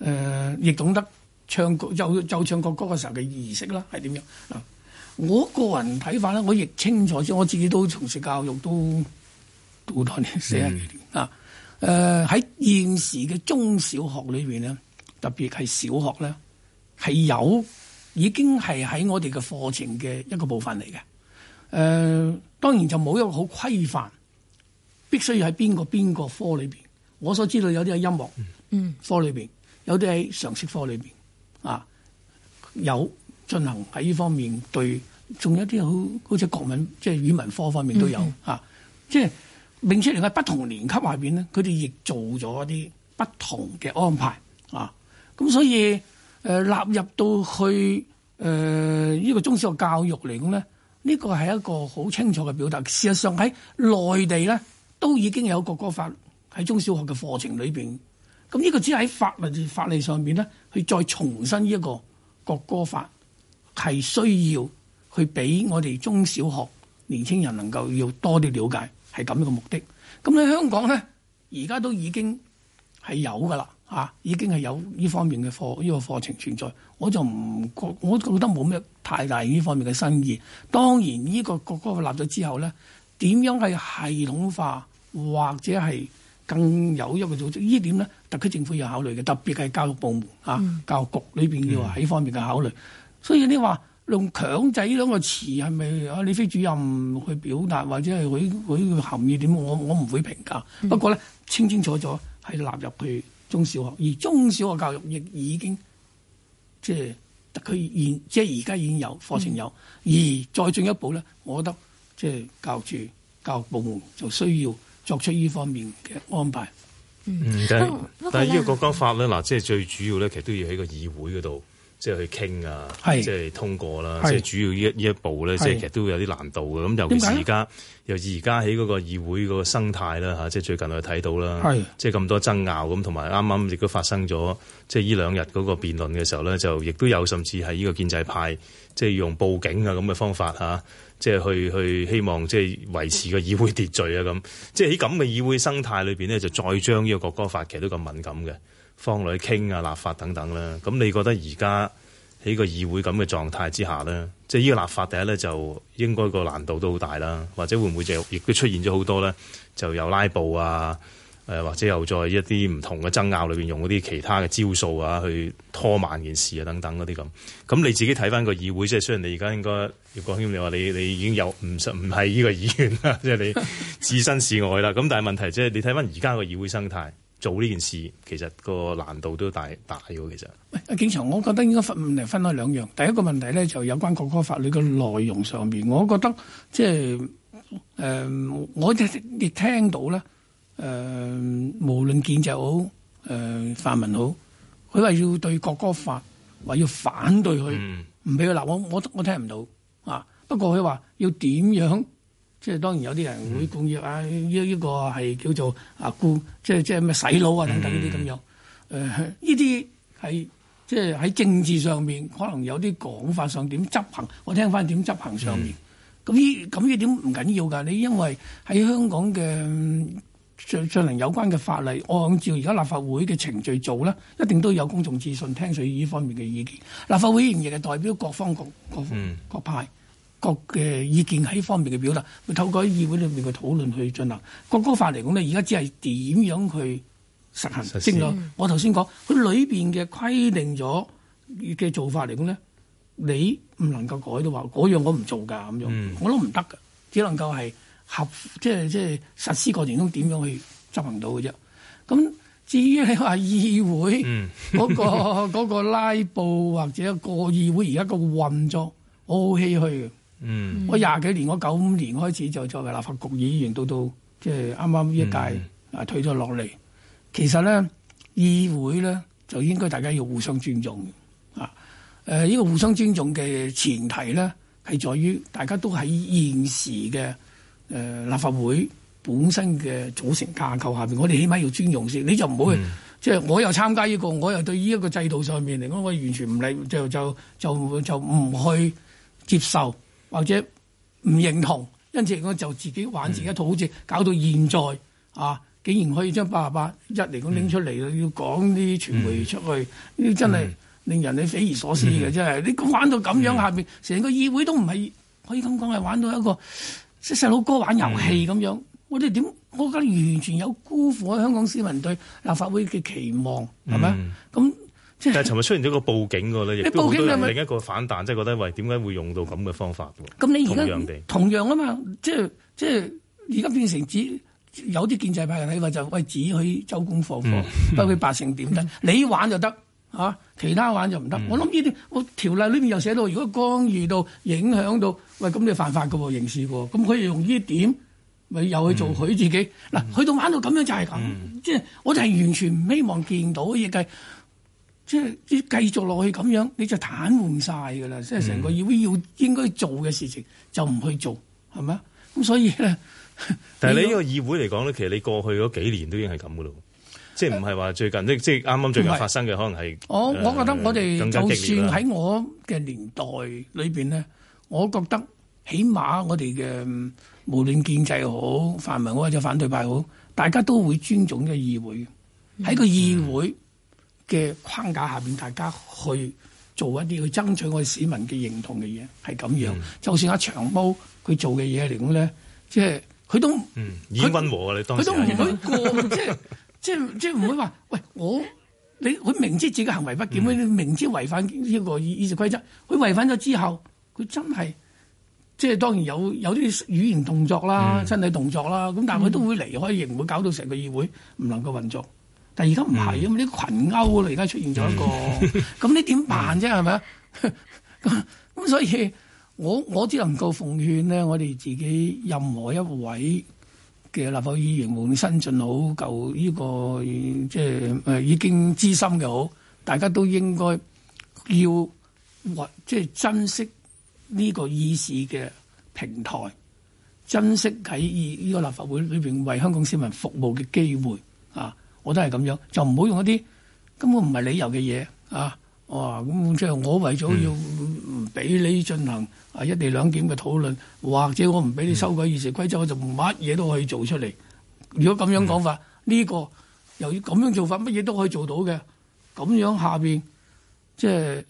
誒、呃、亦懂得。唱國就就唱國歌嘅時候嘅儀式啦，係點樣啊？我個人睇法咧，我亦清楚，即我自己都從事教育都好多年，四啊幾年、嗯、啊。誒、呃、喺現時嘅中小學裏邊咧，特別係小學咧，係有已經係喺我哋嘅課程嘅一個部分嚟嘅。誒、呃、當然就冇一個好規範，必須要喺邊個邊個科裏邊。我所知道有啲喺音樂裡面嗯科裏邊，有啲喺常識科裏邊。啊，有進行喺呢方面對，仲有啲好好似國文，即、就、係、是、語文科方面都有、嗯、哼啊。即係並且嚟喺不同年級下邊咧，佢哋亦做咗啲不同嘅安排啊。咁所以誒、呃，納入到去誒呢、呃這個中小學教育嚟講咧，呢個係一個好清楚嘅表達。事實上喺內地咧，都已經有國歌法喺中小學嘅課程裏邊。咁呢個只係喺法律法例上面咧，去再重申呢一個國歌法係需要去俾我哋中小學年青人能夠要多啲了解，係咁一個目的。咁喺香港咧，而家都已經係有噶啦、啊，已經係有呢方面嘅課呢個課程存在。我就唔覺，我覺得冇咩太大呢方面嘅新意。當然呢個國歌法立咗之後咧，點樣係系統化或者係？更有一個組織，呢點呢，特區政府有考慮嘅，特別係教育部門啊，嗯、教育局裏邊要喺方面嘅考慮。嗯、所以你話用強制呢兩個詞係咪啊？李飛主任去表達或者係佢佢個含義點？我我唔會評價。嗯、不過呢，清清楚楚係納入去中小學，而中小學教育亦已經即係特區現即係而家已經有課程有，嗯、而再進一步呢，我覺得即係教育處、教育部門就需要。作出依方面嘅安排，嗯行。嗯，但係但係依個國家法咧，嗱、嗯，即係最主要咧，其實都要喺個議會嗰度，即係是去傾啊，即係通過啦。即係是主要呢一依一步咧，即係其實都有啲難度嘅。咁是尤其是而家，由而家喺嗰個議會個生態啦嚇，即係最近去睇到啦，即係咁多爭拗咁，同埋啱啱亦都發生咗，即係呢兩日嗰個辯論嘅時候咧，就亦都有甚至係呢個建制派，即、就、係、是、用報警啊咁嘅方法嚇。即係去去希望即係維持個議會秩序啊咁，即係喺咁嘅議會生態裏邊，呢就再將呢個國歌法其實都咁敏感嘅，方女傾啊立法等等啦。咁你覺得而家喺個議會咁嘅狀態之下呢？即係呢個立法第一咧，就應該個難度都好大啦，或者會唔會就亦都出現咗好多咧，就有拉布啊？誒、或者又在一啲唔同嘅爭拗裏邊，用嗰啲其他嘅招數啊，去拖慢件事啊，等等嗰啲咁。咁你自己睇翻個議會，即係雖然你而家應該，葉國謙你話你你已經有唔唔係呢個議員啦，即係 你置身事外啦。咁但係問題即、就、係、是、你睇翻而家個議會生態，做呢件事其實個難度都大大嘅，其實。喂，警長，我覺得應該分嚟分開兩樣。第一個問題呢，就有關國歌法律嘅內容上面，我覺得即係誒、呃，我即你聽到咧。誒、呃，無論建制好，誒、呃、泛民好，佢話要對國歌法，話要反對佢，唔俾佢立。我我我聽唔到啊。不過佢話要點樣，即、就、係、是、當然有啲人會講要、嗯、啊，呢、這、依個係叫做啊，顧即係即係咩洗腦啊等等呢啲咁樣。誒、呃，呢啲係即係喺政治上面，可能有啲講法上點執行，我聽翻點執行上面。咁呢咁依點唔緊要噶，你因為喺香港嘅。進進行有關嘅法例，按照而家立法會嘅程序做呢，一定都有公眾諮詢聽取呢方面嘅意見。立法會議員亦係代表各方各各、各派各嘅意見喺呢方面嘅表達，佢、嗯、透過議會裏面嘅討論去進行。國歌法嚟講呢，而家只係點樣去實行，即係是我頭先講佢裏邊嘅規定咗嘅做法嚟講呢，你唔能夠改到話嗰樣我唔做㗎咁樣，嗯、我都唔得嘅，只能夠係。合即係即係實施過程中點樣去執行到嘅啫？咁至於你話議會嗰、嗯嗰個嗰 拉布或者個議會而家個運作，我好唏噓嘅。嗯、我廿幾年，我九五年開始就作為立法局議員，到到即係啱啱一屆啊，嗯、退咗落嚟。其實咧，議會咧就應該大家要互相尊重啊。誒、呃，呢、呢個互相尊重嘅前提咧，係在於大家都喺現時嘅。誒、呃、立法會本身嘅組成架構下面，我哋起碼要尊重先。你就唔好，即係、嗯、我又參加呢、呢個，我又對呢一個制度上面嚟講，我完全唔理，就就就就唔去接受或者唔認同，因此嚟講就自己玩自己一套、嗯、好似搞到現在啊，竟然可以將八八一嚟咁拎出嚟，嗯、要講啲傳媒出去，呢、嗯、真係令人你匪夷所思嘅，嗯、真係你講玩到咁樣下面成、嗯、個議會都唔係可以咁講係玩到一個。即細佬哥玩遊戲咁樣，我哋點？我覺得完全有辜負喺香港市民對立法會嘅期望，係咪、嗯？咁、就是、但係尋日出現咗個報警個咧，報警係咪亦都好多人另一個反彈，即、就、係、是、覺得喂，點解會用到咁嘅方法喎？咁你而家同樣啊嘛，即係即係而家變成指，有啲建制派嘅睇法就喂，只許周公放火，不許百姓點得？你玩就得。嚇，其他玩就唔得。我諗呢啲，我條例裏面又寫到，如果干預到、影響到，喂，咁你犯法嘅喎，刑事喎。咁佢用呢一點，咪又去做佢自己。嗱、嗯，去到玩到咁樣就係咁，即係、嗯、我就係完全唔希望見到嘅嘢嘅，即係要繼續落去咁樣，你就癱瘓晒㗎啦。即係成個議會要應該做嘅事情就唔去做，係咪啊？咁所以咧，但係你呢個議會嚟講咧，其實你過去嗰幾年都已經係咁嘅咯。即係唔係話最近，嗯、即係啱啱最近發生嘅，可能係我、哦呃、我覺得我哋就算喺我嘅年代裏邊咧，我覺得起碼我哋嘅無論建制好泛民、或者反對派好，大家都會尊重呢個議會，喺個議會嘅、嗯、框架下邊，嗯、大家去做一啲去爭取我哋市民嘅認同嘅嘢，係咁樣。嗯、就算阿、啊、長毛佢做嘅嘢嚟講咧，即係佢都，嗯，已經溫和他你當時佢都唔會過的，即係。即係即係唔會話，喂，我你佢明知自己行為不檢，佢、嗯、明知違反呢一個議事規則，佢違反咗之後，佢真係即係當然有有啲語言動作啦、嗯、身體動作啦，咁但係佢都會離開，亦唔會搞到成個議會唔能夠運作。但係而家唔係啊嘛，啲群毆啊，而家出現咗一個，咁、嗯、你點辦啫？係咪啊？咁咁是吧 所以我，我我只能夠奉勸呢，我哋自己任何一位。嘅立法會議員換新進好舊，這個，呢個即係已經資深嘅好，大家都應該要或即係珍惜呢個議事嘅平台，珍惜喺呢個立法會裏面為香港市民服務嘅機會啊！我都係咁樣，就唔好用一啲根本唔係理由嘅嘢啊！哇！咁即係我為咗要唔俾你進行啊一地兩檢嘅討論，嗯、或者我唔俾你修改《議事規則》，我就乜嘢都可以做出嚟。如果咁樣講法，呢、嗯這個由於咁樣做法，乜嘢都可以做到嘅。咁樣下面，即係。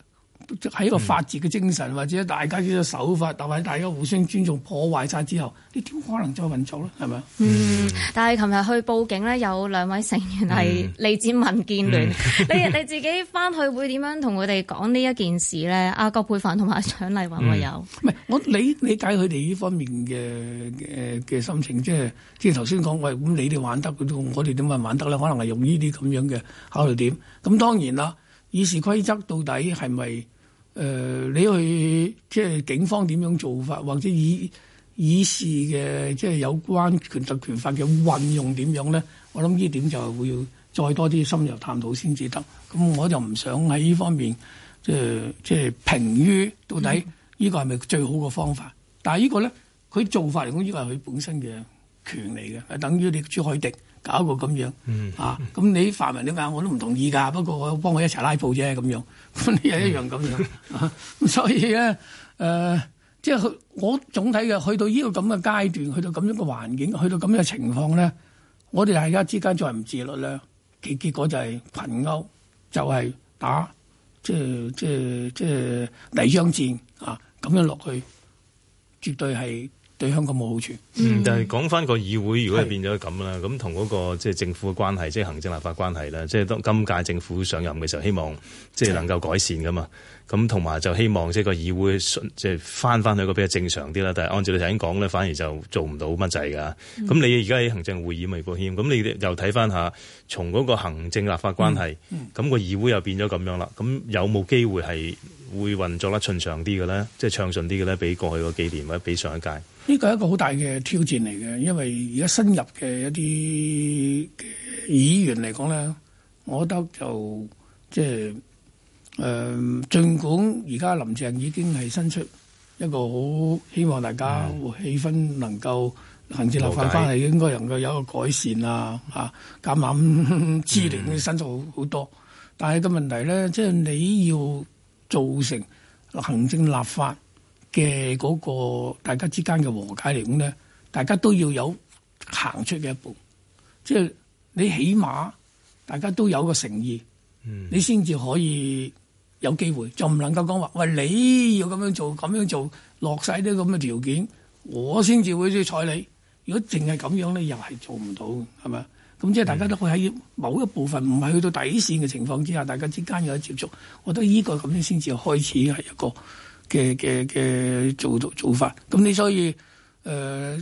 喺一個法治嘅精神，或者大家呢個手法，同埋大家互相尊重，破壞晒之後，你點可能會再運作呢？係咪嗯，但係琴日去報警呢，有兩位成員係嚟自民建聯，嗯嗯、你你自己翻去會點樣同佢哋講呢一件事呢？阿、啊、葛珮帆同埋阿蔣麗芸我有。唔係、嗯，我理理解佢哋呢方面嘅嘅嘅心情，即係即係頭先講喂，咁你哋玩得我哋點樣玩得呢？可能係用呢啲咁樣嘅考慮點。咁當然啦，議事規則到底係咪？誒、呃，你去即係警方點樣做法，或者以以事嘅即係有關權特權法嘅運用點樣咧？我諗呢點就係會要再多啲深入探討先至得。咁我就唔想喺呢方面即係即係評於到底呢個係咪最好嘅方法？嗯、但係呢個咧，佢做法嚟講，呢個係佢本身嘅權利嘅，係等於你朱海迪。搞個咁樣、嗯、啊！咁你泛民點解我都唔同意㗎？不過我幫我一齊拉布啫咁樣，你又一樣咁樣、嗯、啊！咁 所以咧、呃，即係我總體嘅去到呢個咁嘅階段，去到咁樣嘅環境，去到咁樣嘅情況咧，我哋大家之間再唔自律咧，結結果就係群毆，就係、是、打，即係即係即係泥漿戰啊！咁樣落去，絕對係。對香港冇好處。嗯，但係講翻個議會，如果係變咗咁啦，咁同嗰個即係、就是、政府嘅關係，即、就、係、是、行政立法關係啦，即、就、係、是、今屆政府上任嘅時候，希望即係、就是、能夠改善噶嘛。咁同埋就希望即係個議會即係翻翻去個比較正常啲啦。但係按照你頭先講咧，反而就做唔到乜滯㗎。咁、嗯、你而家喺行政會議，葉國謙，咁你又睇翻下，從嗰個行政立法關係，咁、嗯嗯、個議會又變咗咁樣啦。咁有冇機會係？會運作得順暢啲嘅咧，即係暢順啲嘅咧，比過去個幾年或者比上一屆，呢個係一個好大嘅挑戰嚟嘅，因為而家新入嘅一啲議員嚟講咧，我覺得就即係誒，儘、呃、管而家林鄭已經係新出一個好希望大家氣氛能夠行之立憲翻嚟，嗯、應該能夠有個個改善啊，嚇減慢姿齡嘅新出好多，嗯、但係個問題咧，即係你要。造成行政立法嘅嗰個大家之間嘅和解嚟講咧，大家都要有行出嘅一步，即係你起碼大家都有個誠意，嗯，你先至可以有機會，就唔能夠講話，喂，你要咁樣做，咁樣做，落晒啲咁嘅條件，我先至會去睬你。如果淨係咁樣咧，又係做唔到，係咪？咁即係大家都會喺某一部分，唔係去到底線嘅情況之下，大家之間有啲接觸，我覺得呢個咁樣先至開始係一個嘅嘅嘅做做做法。咁你所以誒、呃、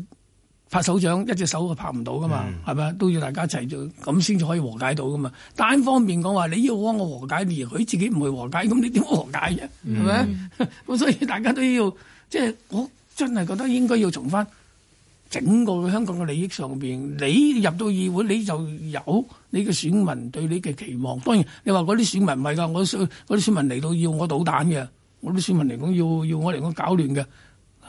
拍手掌，一隻手拍唔到噶嘛，係咪、嗯、都要大家一齊做，咁先至可以和解到噶嘛。單方面講話你要幫我和解，而佢自己唔去和解，咁你點和解啫？係咪？咁、嗯、 所以大家都要即係我真係覺得應該要重翻。整個香港嘅利益上面，你入到議會，你就有你嘅選民對你嘅期望。當然，你話嗰啲選民唔係㗎，我嗰啲選民嚟到要我搗蛋嘅，我啲選民嚟講要要我嚟講搞亂嘅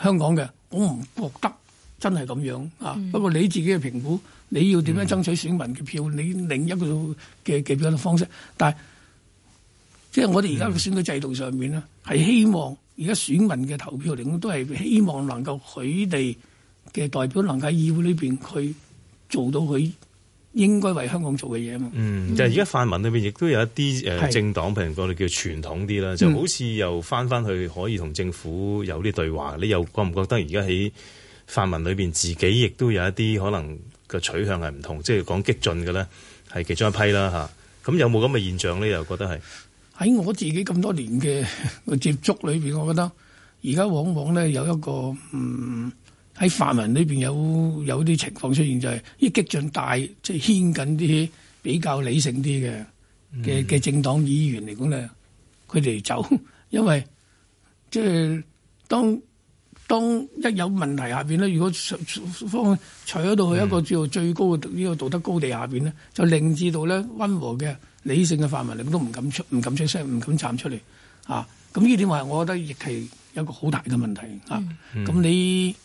香港嘅，我唔覺得真係咁樣、嗯、啊。不過你自己嘅評估，你要點樣爭取選民嘅票，嗯、你另一個嘅嘅表達方式。但係即係我哋而家嘅選舉制度上面咧，係、嗯、希望而家選民嘅投票嚟講都係希望能夠佢哋嘅代表能喺議會裏邊，佢做到佢應該為香港做嘅嘢啊嘛。嗯，就而、是、家泛民裏邊亦都有一啲誒、呃、政黨，譬如我哋叫傳統啲啦，是就好似又翻翻去可以同政府有啲對話。嗯、你又覺唔覺得而家喺泛民裏邊自己亦都有一啲可能嘅取向係唔同，即係講激進嘅咧，係其中一批啦吓。咁、啊、有冇咁嘅現象咧？又覺得係喺我自己咁多年嘅接觸裏邊，我覺得而家往往咧有一個。嗯。喺泛民裏邊有有啲情況出現，就係、是、啲激進大，即、就、係、是、牽緊啲比較理性啲嘅嘅嘅政黨議員嚟講咧，佢哋走，因為即係、就是、當當一有問題下邊咧，如果方取咗到去一個叫做最高嘅呢、這個道德高地下邊咧，就令至到咧溫和嘅理性嘅泛民都唔敢出唔敢出聲，唔敢站出嚟啊！咁呢點話，我覺得亦係一個好大嘅問題啊！咁你？嗯嗯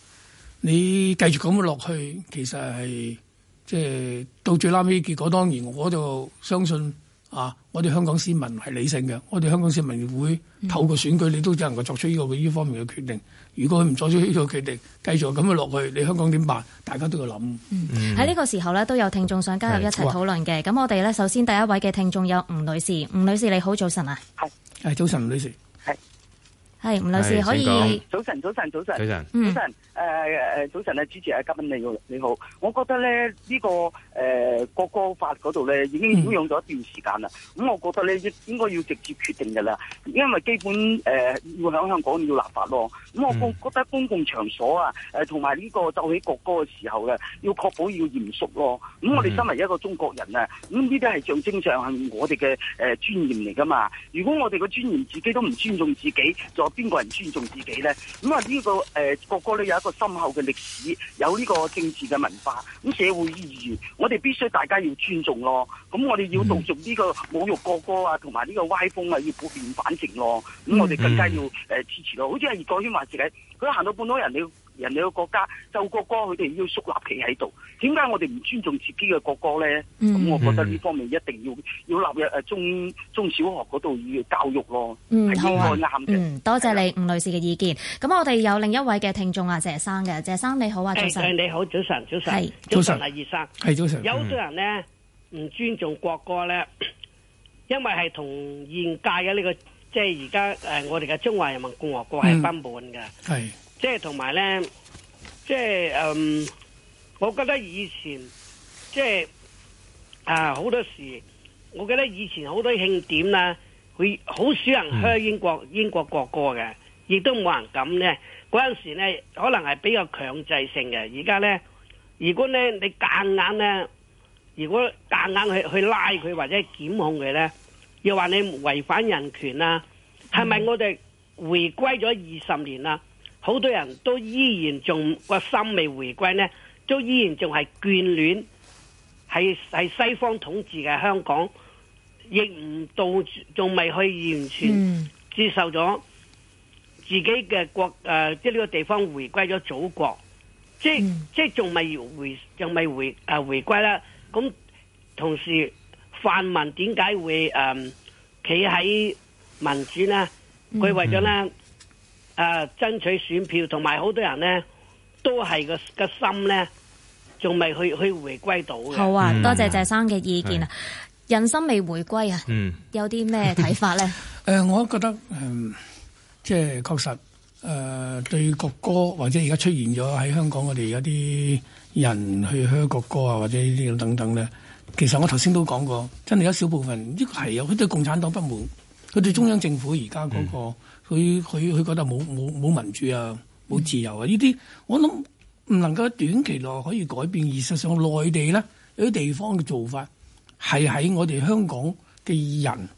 你繼續咁樣落去，其實係即係到最拉尾結果。當然，我就相信啊，我哋香港市民係理性嘅。我哋香港市民會透過選舉，你都只能夠作出呢、這個呢方面嘅決定。如果佢唔作出呢個決定，繼續咁樣落去，你香港點辦？大家都要諗。喺呢、嗯、個時候呢，都有聽眾想加入一齊討論嘅。咁是我哋呢，首先第一位嘅聽眾有吳女士。吳女士你好，早晨啊。係是。早晨，吳女士。係。係吳老師，可以早晨，早晨，早晨、嗯早晨、呃，早晨，早晨，誒誒，早晨啊，主持啊嘉賓，你你好，我覺得咧呢、這個誒、呃、國歌法嗰度咧已經擾攘咗一段時間啦，咁、嗯、我覺得咧應應該要直接決定噶啦，因為基本誒、呃、要響香港要立法咯，咁我覺覺得公共場所啊誒同埋呢個奏起國歌嘅時候呢、啊，要確保要嚴肅咯，咁我哋身為一個中國人啊，咁呢啲係象徵上係我哋嘅誒尊嚴嚟噶嘛，如果我哋嘅尊嚴自己都唔尊重自己，邊個人尊重自己咧？咁啊、這個，呢個誒國歌咧有一個深厚嘅歷史，有呢個政治嘅文化，咁社會意義，我哋必須大家要尊重咯、啊。咁我哋要杜絕呢個侮辱國歌啊，同埋呢個歪風啊，要普遍反擊咯、啊。咁我哋更加要誒、嗯呃、支持咯、啊。好似阿葉國謙話自己，佢行到半多人了。你人哋個國家奏國歌，佢哋要肅立企喺度。點解我哋唔尊重自己嘅國歌咧？咁我覺得呢方面一定要要納入誒中中小學嗰度要教育咯。嗯，應該啱。嘅。多謝你吳女士嘅意見。咁我哋有另一位嘅聽眾啊，謝生嘅。謝生你好啊，早晨。你好，早晨，早晨。係早晨啊，葉生。係早晨。有好多人咧唔尊重國歌咧，因為係同現屆嘅呢個，即係而家誒，我哋嘅中華人民共和國係根本嘅。係。即係同埋呢，即係嗯，我覺得以前即係啊，好多時我記得以前好多慶典啦，佢好少人噓英國英國國歌嘅，亦都冇人咁呢。嗰陣時呢，可能係比較強制性嘅。而家呢，如果呢你夾硬呢，如果夾硬去去拉佢或者檢控佢呢，又話你違反人權啊。係咪我哋回歸咗二十年啦，好多人都依然仲個心未回歸呢，都依然仲係眷戀係係西方統治嘅香港，亦唔到仲未去完全接受咗自己嘅國誒，即係呢個地方回歸咗祖國，即即仲未回仲未回誒回歸啦。咁同時泛民點解會誒企喺民主呢？佢為咗呢？誒、啊，爭取選票，同埋好多人呢，都係個個心呢，仲未去去回歸到好啊，多謝謝生嘅意見啊！的人心未回歸啊，嗯、有啲咩睇法呢？誒 、呃，我覺得，嗯，即係確實，誒、呃，對國歌或者而家出現咗喺香港，我哋有啲人去香國歌啊，或者呢啲等等呢。其實我頭先都講過，真係有少部分，呢、這個係有佢對共產黨不滿，佢對中央政府而家嗰個。嗯佢佢佢覺得冇冇冇民主啊，冇自由啊！呢啲我諗唔能夠短期內可以改變。而事實上，內地咧有啲地方嘅做法，係喺我哋香港嘅人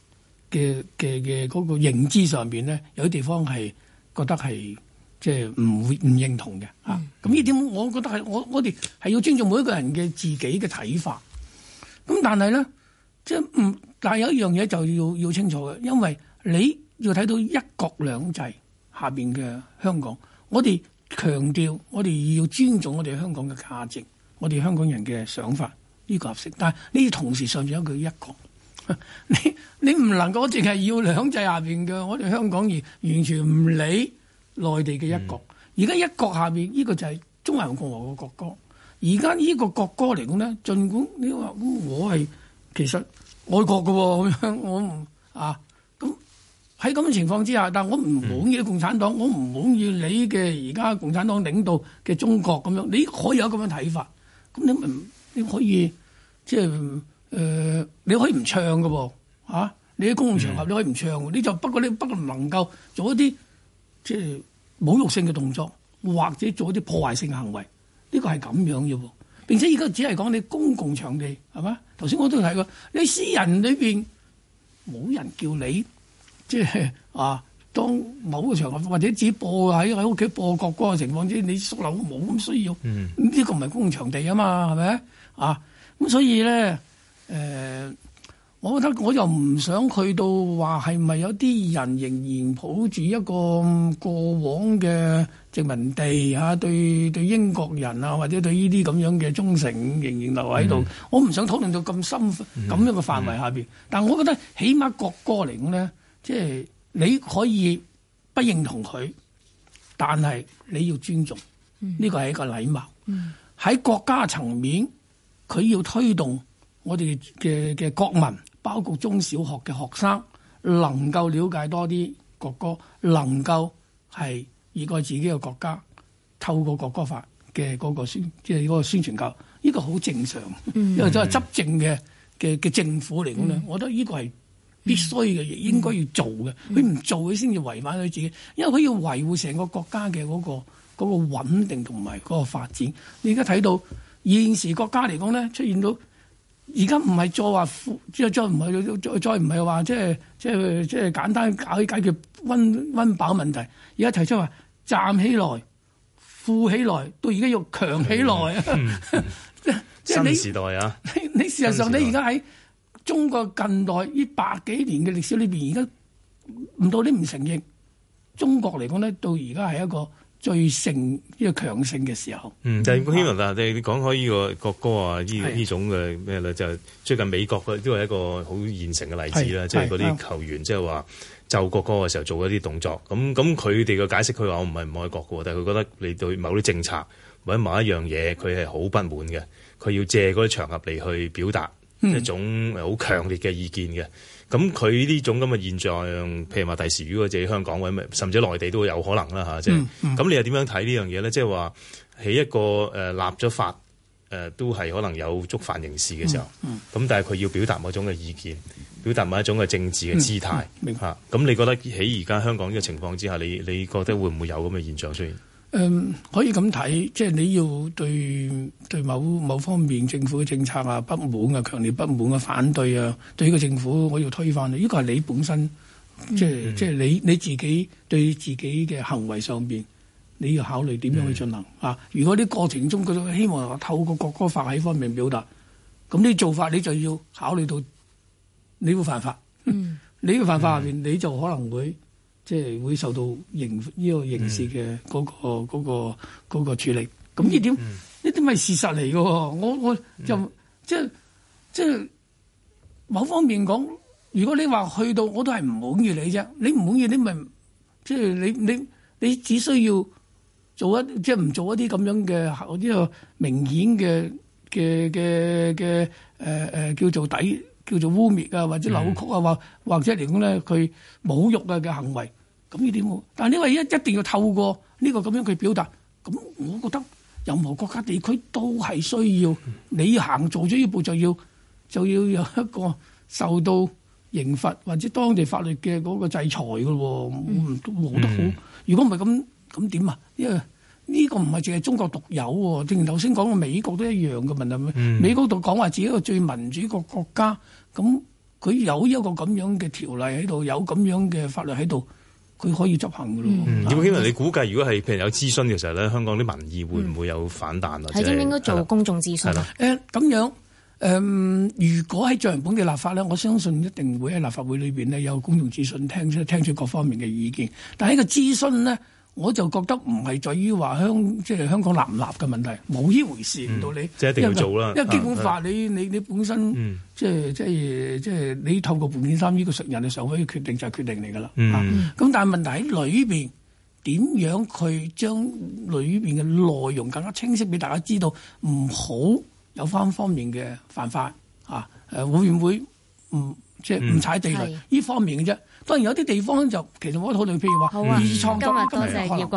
嘅嘅嘅嗰個認知上邊咧，有啲地方係覺得係即係唔會唔認同嘅。咁呢點我覺得係我我哋係要尊重每一個人嘅自己嘅睇法。咁但係咧，即係唔但係有一樣嘢就要要清楚嘅，因為你。要睇到一國兩制下邊嘅香港，我哋強調我哋要尊重我哋香港嘅價值，我哋香港人嘅想法呢，這個合適，但係呢，同時上咗佢一國，你你唔能夠淨係要兩制下邊嘅我哋香港而完全唔理內地嘅一國，而家一國下邊呢，這個就係中華人民共和國國歌，而家呢個國歌嚟講呢，儘管你話、哦、我係其實愛國㗎咁樣，我唔啊。喺咁嘅情況之下，但我唔滿意共產黨，嗯、我唔滿意你嘅而家共產黨領導嘅中國咁樣。你可以有咁樣睇法，咁你唔你可以即係誒，你可以唔、即係呃、唱嘅噃、嚇、你喺公共場合你可以唔唱嘅，嗯、你就不過你不能夠做一啲即係侮辱性嘅動作，或者做一啲破壞性嘅行為。呢個係咁樣嘅喎。並且而家只係講你公共場地係嘛？頭先我都睇過，你私人裏邊冇人叫你。即係啊，當某個場合或者只播喺喺屋企播國歌嘅情況之下，你縮樓冇咁需要。嗯，呢個唔係公共場地啊嘛，係咪？啊，咁所以咧，誒、呃，我覺得我又唔想去到話係咪有啲人仍然抱住一個過往嘅殖民地嚇、啊、對對英國人啊，或者對呢啲咁樣嘅忠誠仍然留喺度，嗯、我唔想討論到咁深咁、嗯、樣嘅範圍下面。嗯嗯、但我覺得起碼國歌嚟講即係你可以不認同佢，但係你要尊重呢個係一個禮貌。喺國家層面，佢要推動我哋嘅嘅國民，包括中小學嘅學生，能夠了解多啲國歌，能夠係熱愛自己嘅國家。透過國歌法嘅嗰個宣，即係嗰個宣傳教育，呢個好正常，因為作為執政嘅嘅嘅政府嚟講咧，嗯、我覺得呢個係。必須嘅，亦應該要做嘅。佢唔、嗯、做，佢先至違反佢自己。嗯、因為佢要維護成個國家嘅嗰、嗰個嗰、嗰個、穩定同埋嗰個發展。你而家睇到現時國家嚟講咧，出現到而家唔係再話富，即係再唔係再再唔係話即係即係即係簡單解解決溫溫飽問題。而家提出話站起來、富起來，到而家要強起來啊！嗯嗯、 即係新時代啊！ 你你，你，你事實上你而家喺。中國近代呢百幾年嘅歷史裏面，而家唔到你唔承認。中國嚟講呢，到而家係一個最盛、一個強盛嘅時候。嗯，就係希文生，你講講開呢個國歌啊，呢呢種嘅咩咧，就係、最近美國都係一個好現成嘅例子啦，即係嗰啲球員即係話奏國歌嘅時候做一啲動作。咁咁佢哋嘅解釋，佢話我唔係唔愛國喎，但係佢覺得你對某啲政策或者某一樣嘢，佢係好不滿嘅，佢要借嗰啲場合嚟去表達。嗯、一種好強烈嘅意見嘅咁佢呢種咁嘅現象，譬如話第時如果自己香港或者甚至內地都會有可能啦吓，即係咁你又點樣睇呢樣嘢咧？即係話喺一個誒、呃、立咗法誒、呃、都係可能有觸犯刑事嘅時候，咁、嗯嗯、但係佢要表達某種嘅意見，表達某一種嘅政治嘅姿態吓。咁、嗯嗯啊、你覺得喺而家香港呢個情況之下，你你覺得會唔會有咁嘅現象出現？嗯，可以咁睇，即係你要對對某某方面政府嘅政策啊不滿啊，強烈不滿啊，反對啊，對呢個政府我要推翻呢個係你本身，即係即係你你自己對自己嘅行為上面，你要考慮點樣去進行、嗯、啊？如果啲過程中佢希望透過國歌法喺方面表達，咁呢做法你就要考慮到你會犯法，嗯，你嘅犯法下面，嗯、你就可能會。即係會受到刑呢、這個刑事嘅嗰、那個嗰的、那個嗰、這個處理，咁呢點呢點咪事實嚟嘅喎？我我就的即係即係某方面講，如果你話去到我都係唔滿意你啫，你唔滿意你咪、就是、即係你你你只需要做一即係唔做一啲咁樣嘅呢、這個明顯嘅嘅嘅嘅誒誒叫做底。叫做污蔑啊，或者扭曲啊，或、嗯、或者嚟講咧，佢侮辱啊嘅行為，咁呢啲但係呢個一一定要透過呢個咁樣去表達，咁我覺得任何國家地區都係需要，你行做咗呢步就要就要有一個受到刑罰或者當地法律嘅嗰個制裁噶，都、嗯、冇得好，如果唔係咁咁點啊，因為。呢個唔係淨係中國獨有喎，正如頭先講嘅美國都一樣嘅問題。嗯、美國度講話自己一個最民主嘅國家，咁佢有一個咁樣嘅條例喺度，有咁樣嘅法律喺度，佢可以執行嘅咯。葉先生，你估計如果係譬如有諮詢嘅時候咧，香港啲民意會唔會有反彈啊？係、嗯、或者應唔應該做公眾諮詢？誒咁的的樣誒、呃，如果喺進行本地立法呢，我相信一定會喺立法會裏邊呢有公眾諮詢，聽出聽出各方面嘅意見。但係呢個諮詢呢。我就覺得唔係在於話香即係香港立唔立嘅問題，冇呢回事，唔到你即係一定要做啦，因為基本法你你、嗯、你本身、嗯、即係即係即係你透過半件衫呢個熟人嘅常委決定就係決定嚟噶啦，咁、嗯啊、但係問題喺裏邊點樣佢將裏邊嘅內容更加清晰俾大家知道，唔好有翻方面嘅犯法啊？誒會唔會唔即係唔踩地雷？呢、嗯、方面嘅啫。當然有啲地方就其實我討論，譬如話二次創作都係。嗯，今天